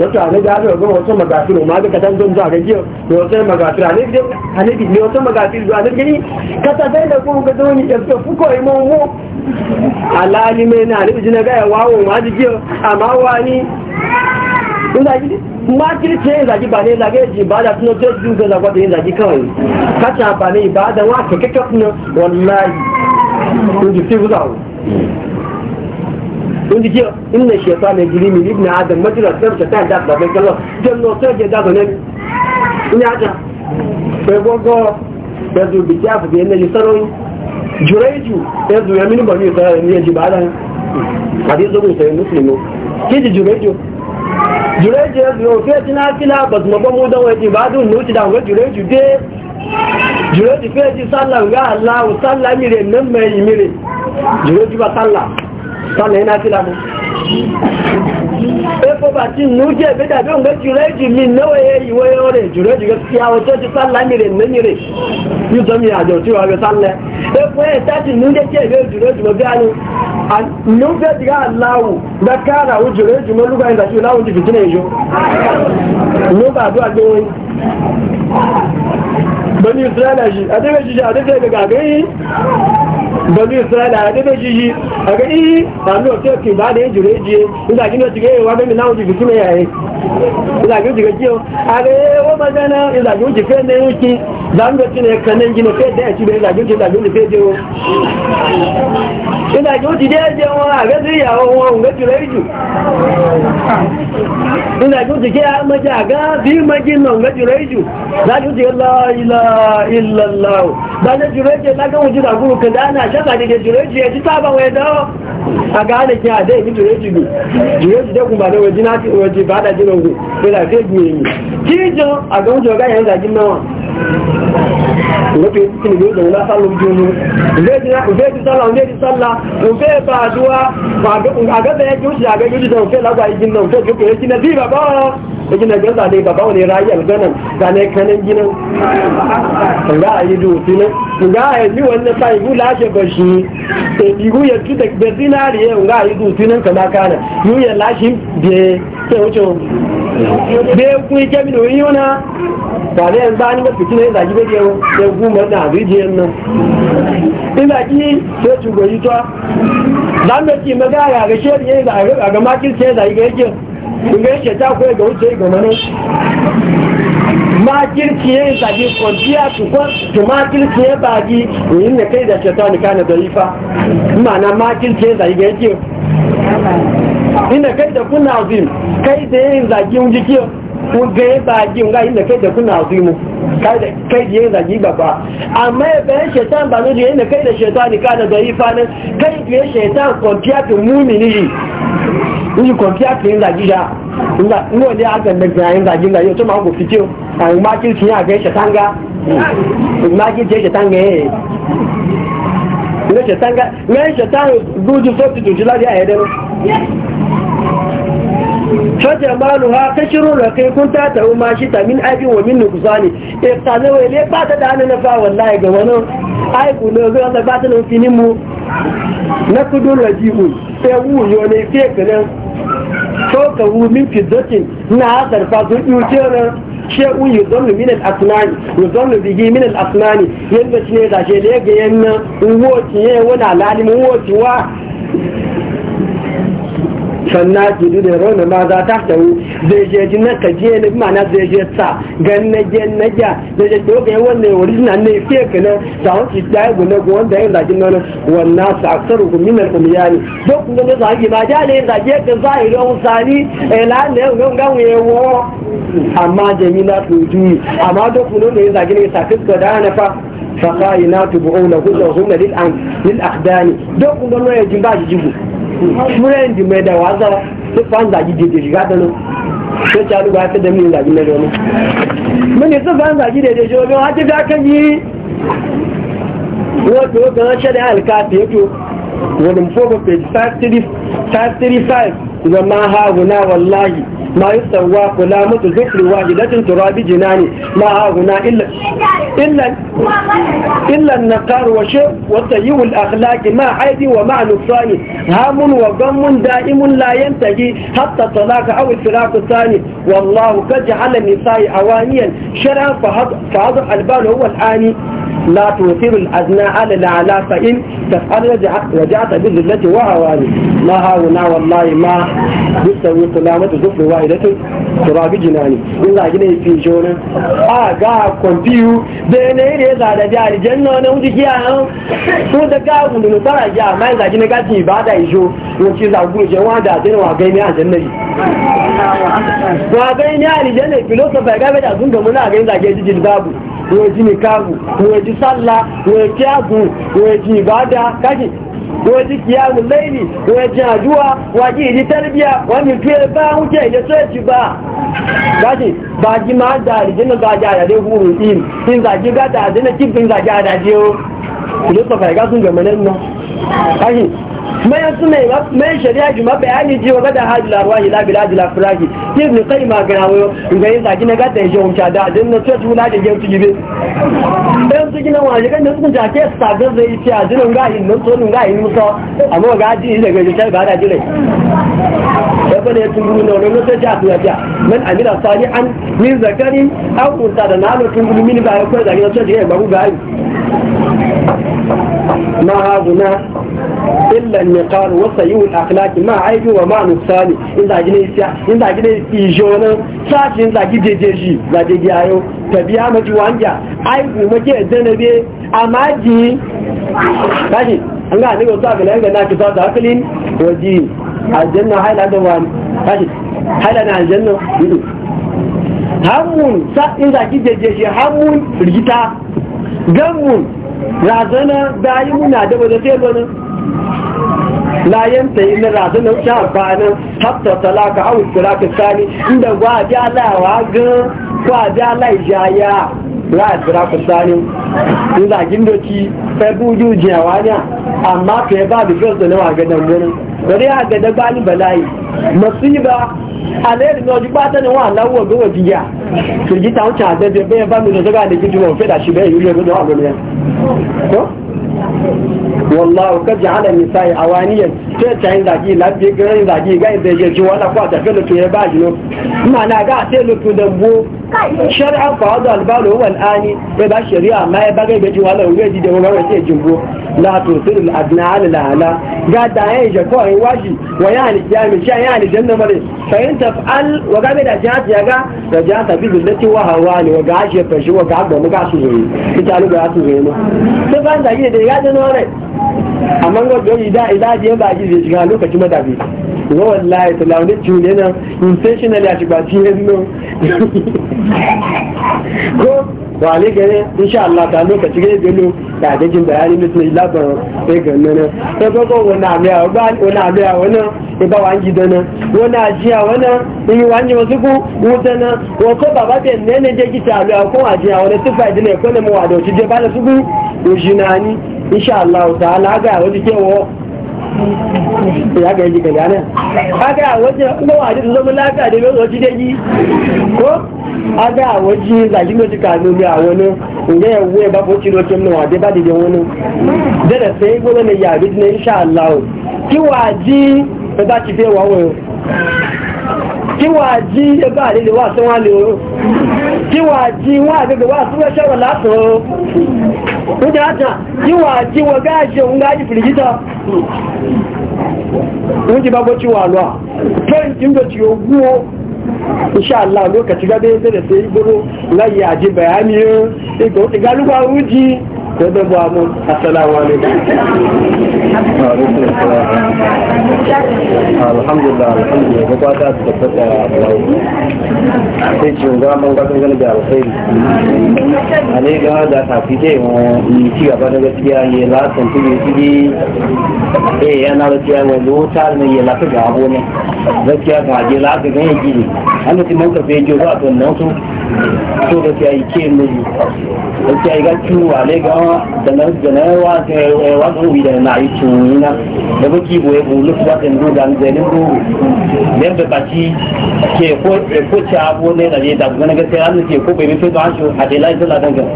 Speaker 2: wata ne da haka gama wasu ma ga kadan don zuwa gajiyar da wasu
Speaker 1: magafiro a nufin hanibi ne wasu magafiro zuwa gini kasa da kuma ga zaune ya fi fuko yi alali mai na jina gaya wawo ma jikiyar amma wani makiri ce yin zagi ba ne zage ji ba da suna jai biyu zagwa da yin zagi kawai kacha ba ne ba da wa kekeke kuma wallahi kun ji fi sun ji kiyo inna shaitan ne min ibn adam majlis sai ta da ba mai janno sai da ne in ya ta
Speaker 2: sai gogo da zu bi ta fi ne lisaroi jureju ya zu ya min ba ni sai ne ji ba da hadisi zo sai muslimo kiji
Speaker 1: jureju jureju ya zu ya fi kila ba mu ba mu da wai ba dun nuti da wai jureju de jureju fi ji sallan ga Allah sallamire nan mai mire jureju ba sallah sálẹ̀ iná sí lámú. epo bàtí nù jẹ́ dàbí òǹgbẹ́ náwó yẹ ìwé àwọn tó ti sálà mi àjọ tí wà sálẹ̀. epo yẹ nù jẹ́
Speaker 2: bí nù àwọn mọ́ lúgbà ti nù wọn. ìsirẹ́lẹ̀ yìí bani israẹla adébẹ́ yíyí ọ̀gẹ́ yíyí àmì òkè òkè ìbáde ìjùrẹ́ ìjìyẹ nígbà kí ní o ti gé
Speaker 1: ìwà mẹ́mi náà òjìfì sílẹ̀ yàrá nígbà kí o ti gé jí o àrẹ owó mẹ́ta náà nígbà kí o ti fẹ́ nẹ́rù kí dáńgbé tí ní ẹ̀kan náà jìnnà fẹ́ dẹ́ ẹ̀tí bẹ́ẹ̀ nígbà kí o ti nígbà kí o ti fẹ́ dé o nígbà kí o ti dé ẹ̀jẹ̀ wọn àgẹ́ sí ìyàwó wọn òǹgẹ́ yi lẹ́yìn jù nígbà kí o ti gé amẹ́jẹ̀ àgá bí mẹ́jì náà òǹgẹ́ jù lẹ́yìn jù láti o ti lọ ilọ̀ ilọ̀ lọ́wọ́ yi jù lẹ́jẹ̀ lágbóhùn jù dàgbùrù kẹ̀dá náà kasa da ke jureji ya ji wai dawo a gane ki a dai ne Jireji dai kuma da waje na waje ba da jiran ku sai da sai biye ni kijo a ga wuce ga zagin nawa rufe cikin biyu da wula sallon junu ufe ji sallah ufe ji sallah ufe ba a ba gina ga zane gaba wani rayi alganan zane kanan ginin
Speaker 2: ga a yi dosi nan ga a yi wannan sa yi gula ake bashi yi e, guya tu da bezinari yau ga a yi dosi nan kama kana yi ya lashi
Speaker 1: biye sai wuce biye kun yi kemi da wani yana ba ne yanzu an ba fitina ya zagi bai yau ya gumar da rijiyar nan ina ki sai shugabi to dan da ki magana ga shari'a ga ga makil sai zagi ga yake inga yake ta koya ga wuce ga mana ma ya yi zagi kwanciya su kwan to ma ya bagi yin na kai da shaitan ni kana darifa ma'ana ma kirki ya zagi ga yake inda kai da kuna azim kai da yin zagi yin jiki ga ya bagi un ga inda kai da kuna azim kai da yin zagi baba amma ya bayan shaitan ba ne da yin na kai da ne, ni kana rifa ne kai da shaitan kwanciya to mumini ní kọ̀ǹpíà kì í ń gàjíjà ní òní àgbẹ̀mẹ̀gbẹ̀ àyìn gàjíjà yóò tó máa ń gò fìtíò àyìn máa kí tìyàn àgbẹ̀ ṣẹ̀tánga máa kí tìyàn ṣẹ̀tánga ẹ̀ ní ṣẹ̀tánga ní ṣẹ̀tánga gbúdú sóòtù tòjú láti àyẹ̀dẹ́ fajar malu ha ta shiro da kai kun ta taru ma shi ta min aikin wa min nukusa ne e ta zawai ne ba ta da na fa wallahi ga wani aiku e ne zai wanda ba ta nufi mu
Speaker 2: na kudu mu. sai wuyo ne fiye kanan so ka wu min fi fiddatin na hasar fa sun ɗiwu kenan shekun yi zonnu min al'asmani
Speaker 1: yi zonnu bihi min al'asmani yadda shi ne da shi ne ga yannan wuwo ciye wani alalimin wuwo ciwa sannan ki da rona ma za ta tawo zai je ji na kaje ne ma na zai je ta gan na je na ja zai je doka yan wannan original ne fake ne da wuce da go ne go wanda yin da jin nan wannan sa aksaru ku min al umyani duk kun ne zagi ba ja ne zagi ka zahiri on sani ela eh, ne go ga wo amma na jamila tuji amma duk kun ne zagi ne sa fiska da na fa فقائنات بعولهن هن للأخدان دوكم دونو يجنباش جيبو fúrẹ́ǹdì mẹ́ta wà sọ tó su fa dèdè ṣìgá tẹnu tó ti arúgbó afẹ́dẹ́ mi ìlàjì mẹ́ta ọmọ mi ni tó fáńdà yìí dèdè ṣe omi wọn ti fi akẹ́ yìí wọ́n tó gan ṣẹlẹ̀ àlùkà àtẹ́jọ́
Speaker 2: wọ́n mú fọ́ọ̀mù page five three ha wọ́n náà ما يستوى قلامة ذكر واحدة تراب جناني ما هنا إلا إلا إلا النقار وشر وسيء الأخلاق
Speaker 1: ما عادي ومع نصاني هام وغم دائم لا ينتهي حتى الطلاق أو الفراق الثاني والله قد جعل النساء أوانيا شرعا فهض البال هو الآني لا تؤثر الأزناء على الأعلى فإن تفعل رجعت بالذلة وهواني ما هاونا والله ما يستوي قلامة زفر واحدة تراب جناني إلا لا جنيه في جونة آقا كمبيو بينين يزا رجع الجنة ونوجي كيانا سودا من لنصر جاء ما يزا جنه قاتي بعد إجو ونشي زعبون جوان دازين دين وعقيني عن جنة وعقيني عن جنة فلوسة قابل أظن كمنا عقيني زعجي جلبابو wọ́n jí nìkáàbù wọ́n jí sálà wọ́n jí àgùn wọ́n jí ìbádá káṣì wọ́n jí kìíyàmù lẹ́yìn wọ́n jí àdúwà wọ́n jí ìdí tẹ́lẹ̀bíà wọ́n ni pé bá ń jẹ́ ìdẹ́ tó ẹ̀jì bá káṣì bá jí máa dà àdìjẹ́nà bá jà àdàdé húrù ìm tí ń zàjí gádà àdínà tí ń zàjí àdàdé ó mai suna mai shari'a ji mafi ani ji wa gada hajji laruwa ila bila ji lafiraki ki ne kai ma gana wayo ga yin zaki na gada ya shehun cada a dinna tuwa tuna da gyautu gibe ɗan su gina wani kan da suka jake su ta gaza yi ce a jinin gahin nan tsohon gahin musa amma ga ji daga jikin ba da jirai dafa ne tun gudu na wani lokaci a tuwa fiya man amina sani an min da nalo ya illa niqar wa sayyul akhlaq ma aibi wa ma nuqsani in da gine siya in da gine ijona sashi in da gije jeji da gije ayo tabiya maji wanja aibu maje danabe ji. kashi an ga ne ko sa ga ga na ki sa da akalin waji aljanna haila da wani kashi haila na aljanna hamun sa in da gije jeji hamun rigita gamun razana bayi muna da ba da sai la yanta yi na rasu na wuce amfanin hafta talaka a wuce raka sani inda gwaji alawa ga gwaji alaijaya láàbí rákùsá ní nígbà gíndò tí fẹ́bú yóò jẹ àwá ní àmá fẹ́ yi. bí fẹ́ náà àgẹ́dẹ̀ mẹ́rin lórí àgẹ́dẹ̀ bá ní bẹ̀láyì mọ̀síbà alẹ́rìn náà ojú pátẹ́ ni wọ́n aláwọ̀ gbówò jíyà tìrìjì táwọn tí àgbẹ́bẹ̀ bẹ́ẹ̀ bá mi lọ yi
Speaker 2: yi, jùmọ̀ fẹ́ dàṣì yi yìí lọ́dún náà
Speaker 3: lọ́dún
Speaker 2: wallahu ka ja'ala nisa'i awaniyan sai ta yin zaki lafiya garin zaki ga da ya ji wala kwa ta filo
Speaker 1: to ya ba jino mana ga sai lutu da bo shar'a fa hada albalu wal ani ya ba shari'a ma ya bagai da ji wala ya ji da wala sai jumbo la to sir al adna al ala ga da ya ji ko ai waji wa ya ni ya mi sha wa ne da amma ga yi da idan je ba ji zai shiga lokacin madabi ga wallahi to lawo ne tune nan
Speaker 2: intentional ya shiga cikin nan ko wa ne gare insha Allah ta lokaci ga gelo da da jin bayani mutum illa ba sai ga nan sai ga ko wani amiya wani wani amiya e wani iba wa ji dana wani ajiya
Speaker 1: wani yi wani wasu ku wutana ko ko baba te nene je gita ko ajiya wani tufa idine ya ne mu wa da shi je ba da su ku ujinani insha Allah ta'ala ga wani kewo ya ga yi gaba nan aga waje kuma waje da zama laka da mai zoci da yi ko aga waje zaki mai jika nomi a wani inda ya wuye ba boci da kemin waje ba da wani da da sai gwada mai yabi na insha Allah ki waji da za ki fewa wayo ki waji da ba da wa sun o. ki waji wa da wa sun
Speaker 2: rashawa lasu kúta àtà jíwà àti wọ gáàṣẹ́ òun gáàjì fìlìjítà wọ́n ti bá gbọ́ tí wà lọ́à tọ́yìn tí lokaci gabe da sai goro lai ya ji bayani ga galuba wuji ko da ba mu assalamu alaikum alhamdulillah alhamdulillah ga ba ta tabbata
Speaker 1: Allah sai ci ga mun ga gani da alkhairi ale ga da ta fite mu ci gaba da gaskiya ne la san ti ne ci eh yana da ciya ne ta ne ya lafi ga abu ne gaskiya ga je la ga gani ji an ti mun ka fe jo ba to nan to to da ke ne gaskiya ga ciwo ale ga da na da na wa eh, wa ko wi da na yi na da eh, ba ki bo e bo ba kan do da ne bo ne ba ba ke ko eh, ko ta bo ne da ne da ga na ga sai an ke ko bai mi fe ba shi a dai lai da dan ga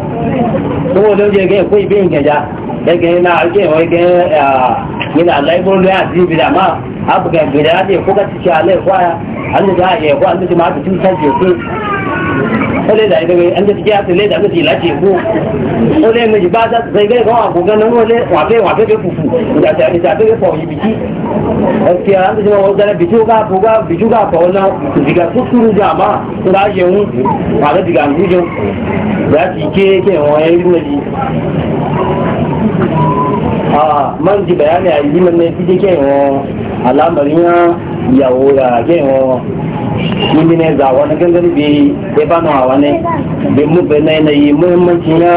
Speaker 1: ko da ga ko ibin ga ja da ga na a ke wai ga ni da lai bo ya ji bi da ma abu ga gida ne ko ka ci alai kwaya an da ya ko an da ma ta tun ta je ko ole da ibe an da tiya se le da miji lati ku ole miji ba da sai ga ko abu ga nan ole wa be be fufu da ta ta be fo biki gaskiya an da wa da biki ga ko ga biki ga ko na diga su su da ma da je mu ba da diga mu je da ke ke wa yi man ji bayani a yi mai fi ke yi wọn alamari ya yawo ya ke yi wọn shi bi ne za wani gangan bi ya bano a wani bi mu bi na yanayi muhimmanci ya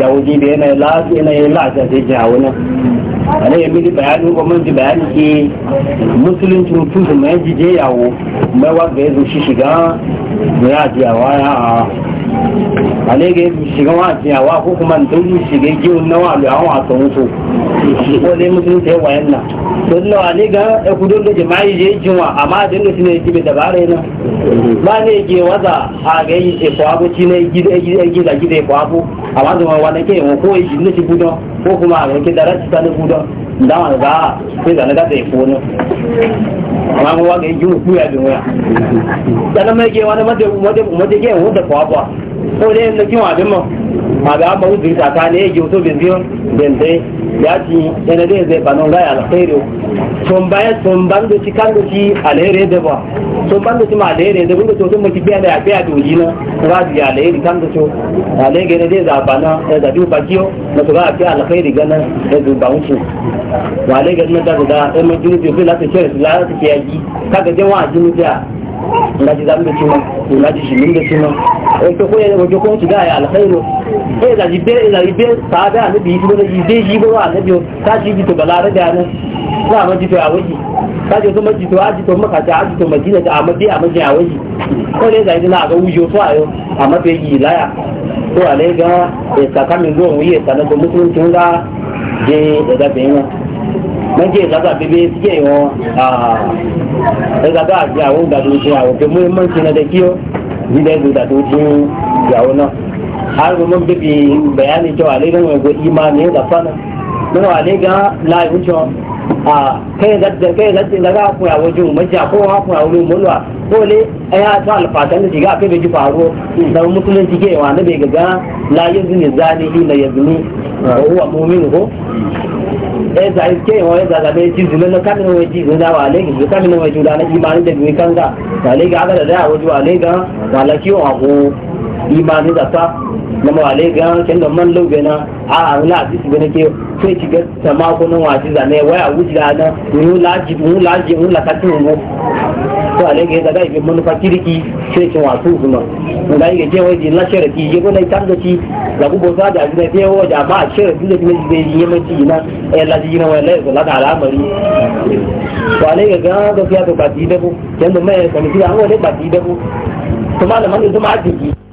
Speaker 1: yawo ji bi yanayi lafi yanayi lafi a sai ji a na. ana yi mini bayani ko man ji bayani ke Musulun tun mutum su mai jije yawo mai wa ga yi zo shi shiga ya ji a waya a Ale alege shiga wa tiya wa ko kuma dun shiga giun na wa da wa to mutu ko ne mutun sai wayan na don na ale ga e ku don da jama'i je jinwa amma dan ne ne kibe da bare na ba ne ke waza a ga yi ce ko abu ci ne gida gida gida gida ko abu amma da wa ne ke mu ko yi ne ci budo ko kuma a ga ke da rashi ta ne budo da wa da sai da na da e ko ne amma mu wa ga yi ku ya dinwa sanan mai ke wani madda madda madda ke mu da ko abu ko dai na kin wadin mu ma ga ba uzuri ne yake to ya ci yana zai tun tun ban da ci kan da ci alheri da ba tun ban da ci ma alheri da gudu da ya alheri kan da alheri ne dai za bana na fi gana wuce wa alheri da da mai jini bi kaga jin wa jini ngaji zambe tuma ngaji shilinge tuma eh, eh, e to koye wo joko ti ya alkhairu e da jibe e da jibe sada ne bi yi de yi bo ala jo ta ji bi to balare da ne za ma ji to awaji ta jo to ma ji to aji to maka ta aji to madina ta amma bi amma ji awaji ko le da ina ga wujo to ayo yi laya ko ale ga e sakamin go wuye sanan to musulunci ga je da ga mẹ́jẹ̀ a àbíbí síkẹ̀ ìwọ̀n ìdájọ́ àti àwọn ìdájọ́ ti àwọn òkè mú mọ́ ìṣẹ̀lẹ̀ tẹ kí ó jíde ìdájọ́ ti ìyàwó náà. har mun bibi bayani cewa ne ga wani da fana mun wa ne ga lai wuce a kai da kai da tin daga ku ya wajen maja ko ha ku ya wurin mulwa ko ne ya ta alfatan da diga kai bai faro da musulunci ke wa ne bai ga la yanzu ah. ko ẹ̀ẹ́dà ike ìwọ̀n ẹ̀ẹ́dà àgbẹ̀ jíjù lọ́nà kámínà wọn jíjù ńlá wà lẹ́yìn ìlú kámínà wọn jù lánà ìmọ̀ ní dẹ̀gbìn kánga wà lẹ́yìn agbẹ̀dẹ̀ dẹ́ àwọn ojú wà lẹ́yìn gan wà lẹ́kí wọn kó ìmọ̀ ní dàtà lọ́mọ wà lẹ́yìn gan kí a to ale ga daga ibe manufa kiriki sai cin wasu zuma wala ga je waje la sharati je ko lai tarda ci da ku bo da da je waje amma a sharati da kuma yi mace na eh la ji na wala ga la da al'amari to ale ga ga da fiya to ba ti da ku yanda mai komiti an wale ba ti da ku to malaman da zuma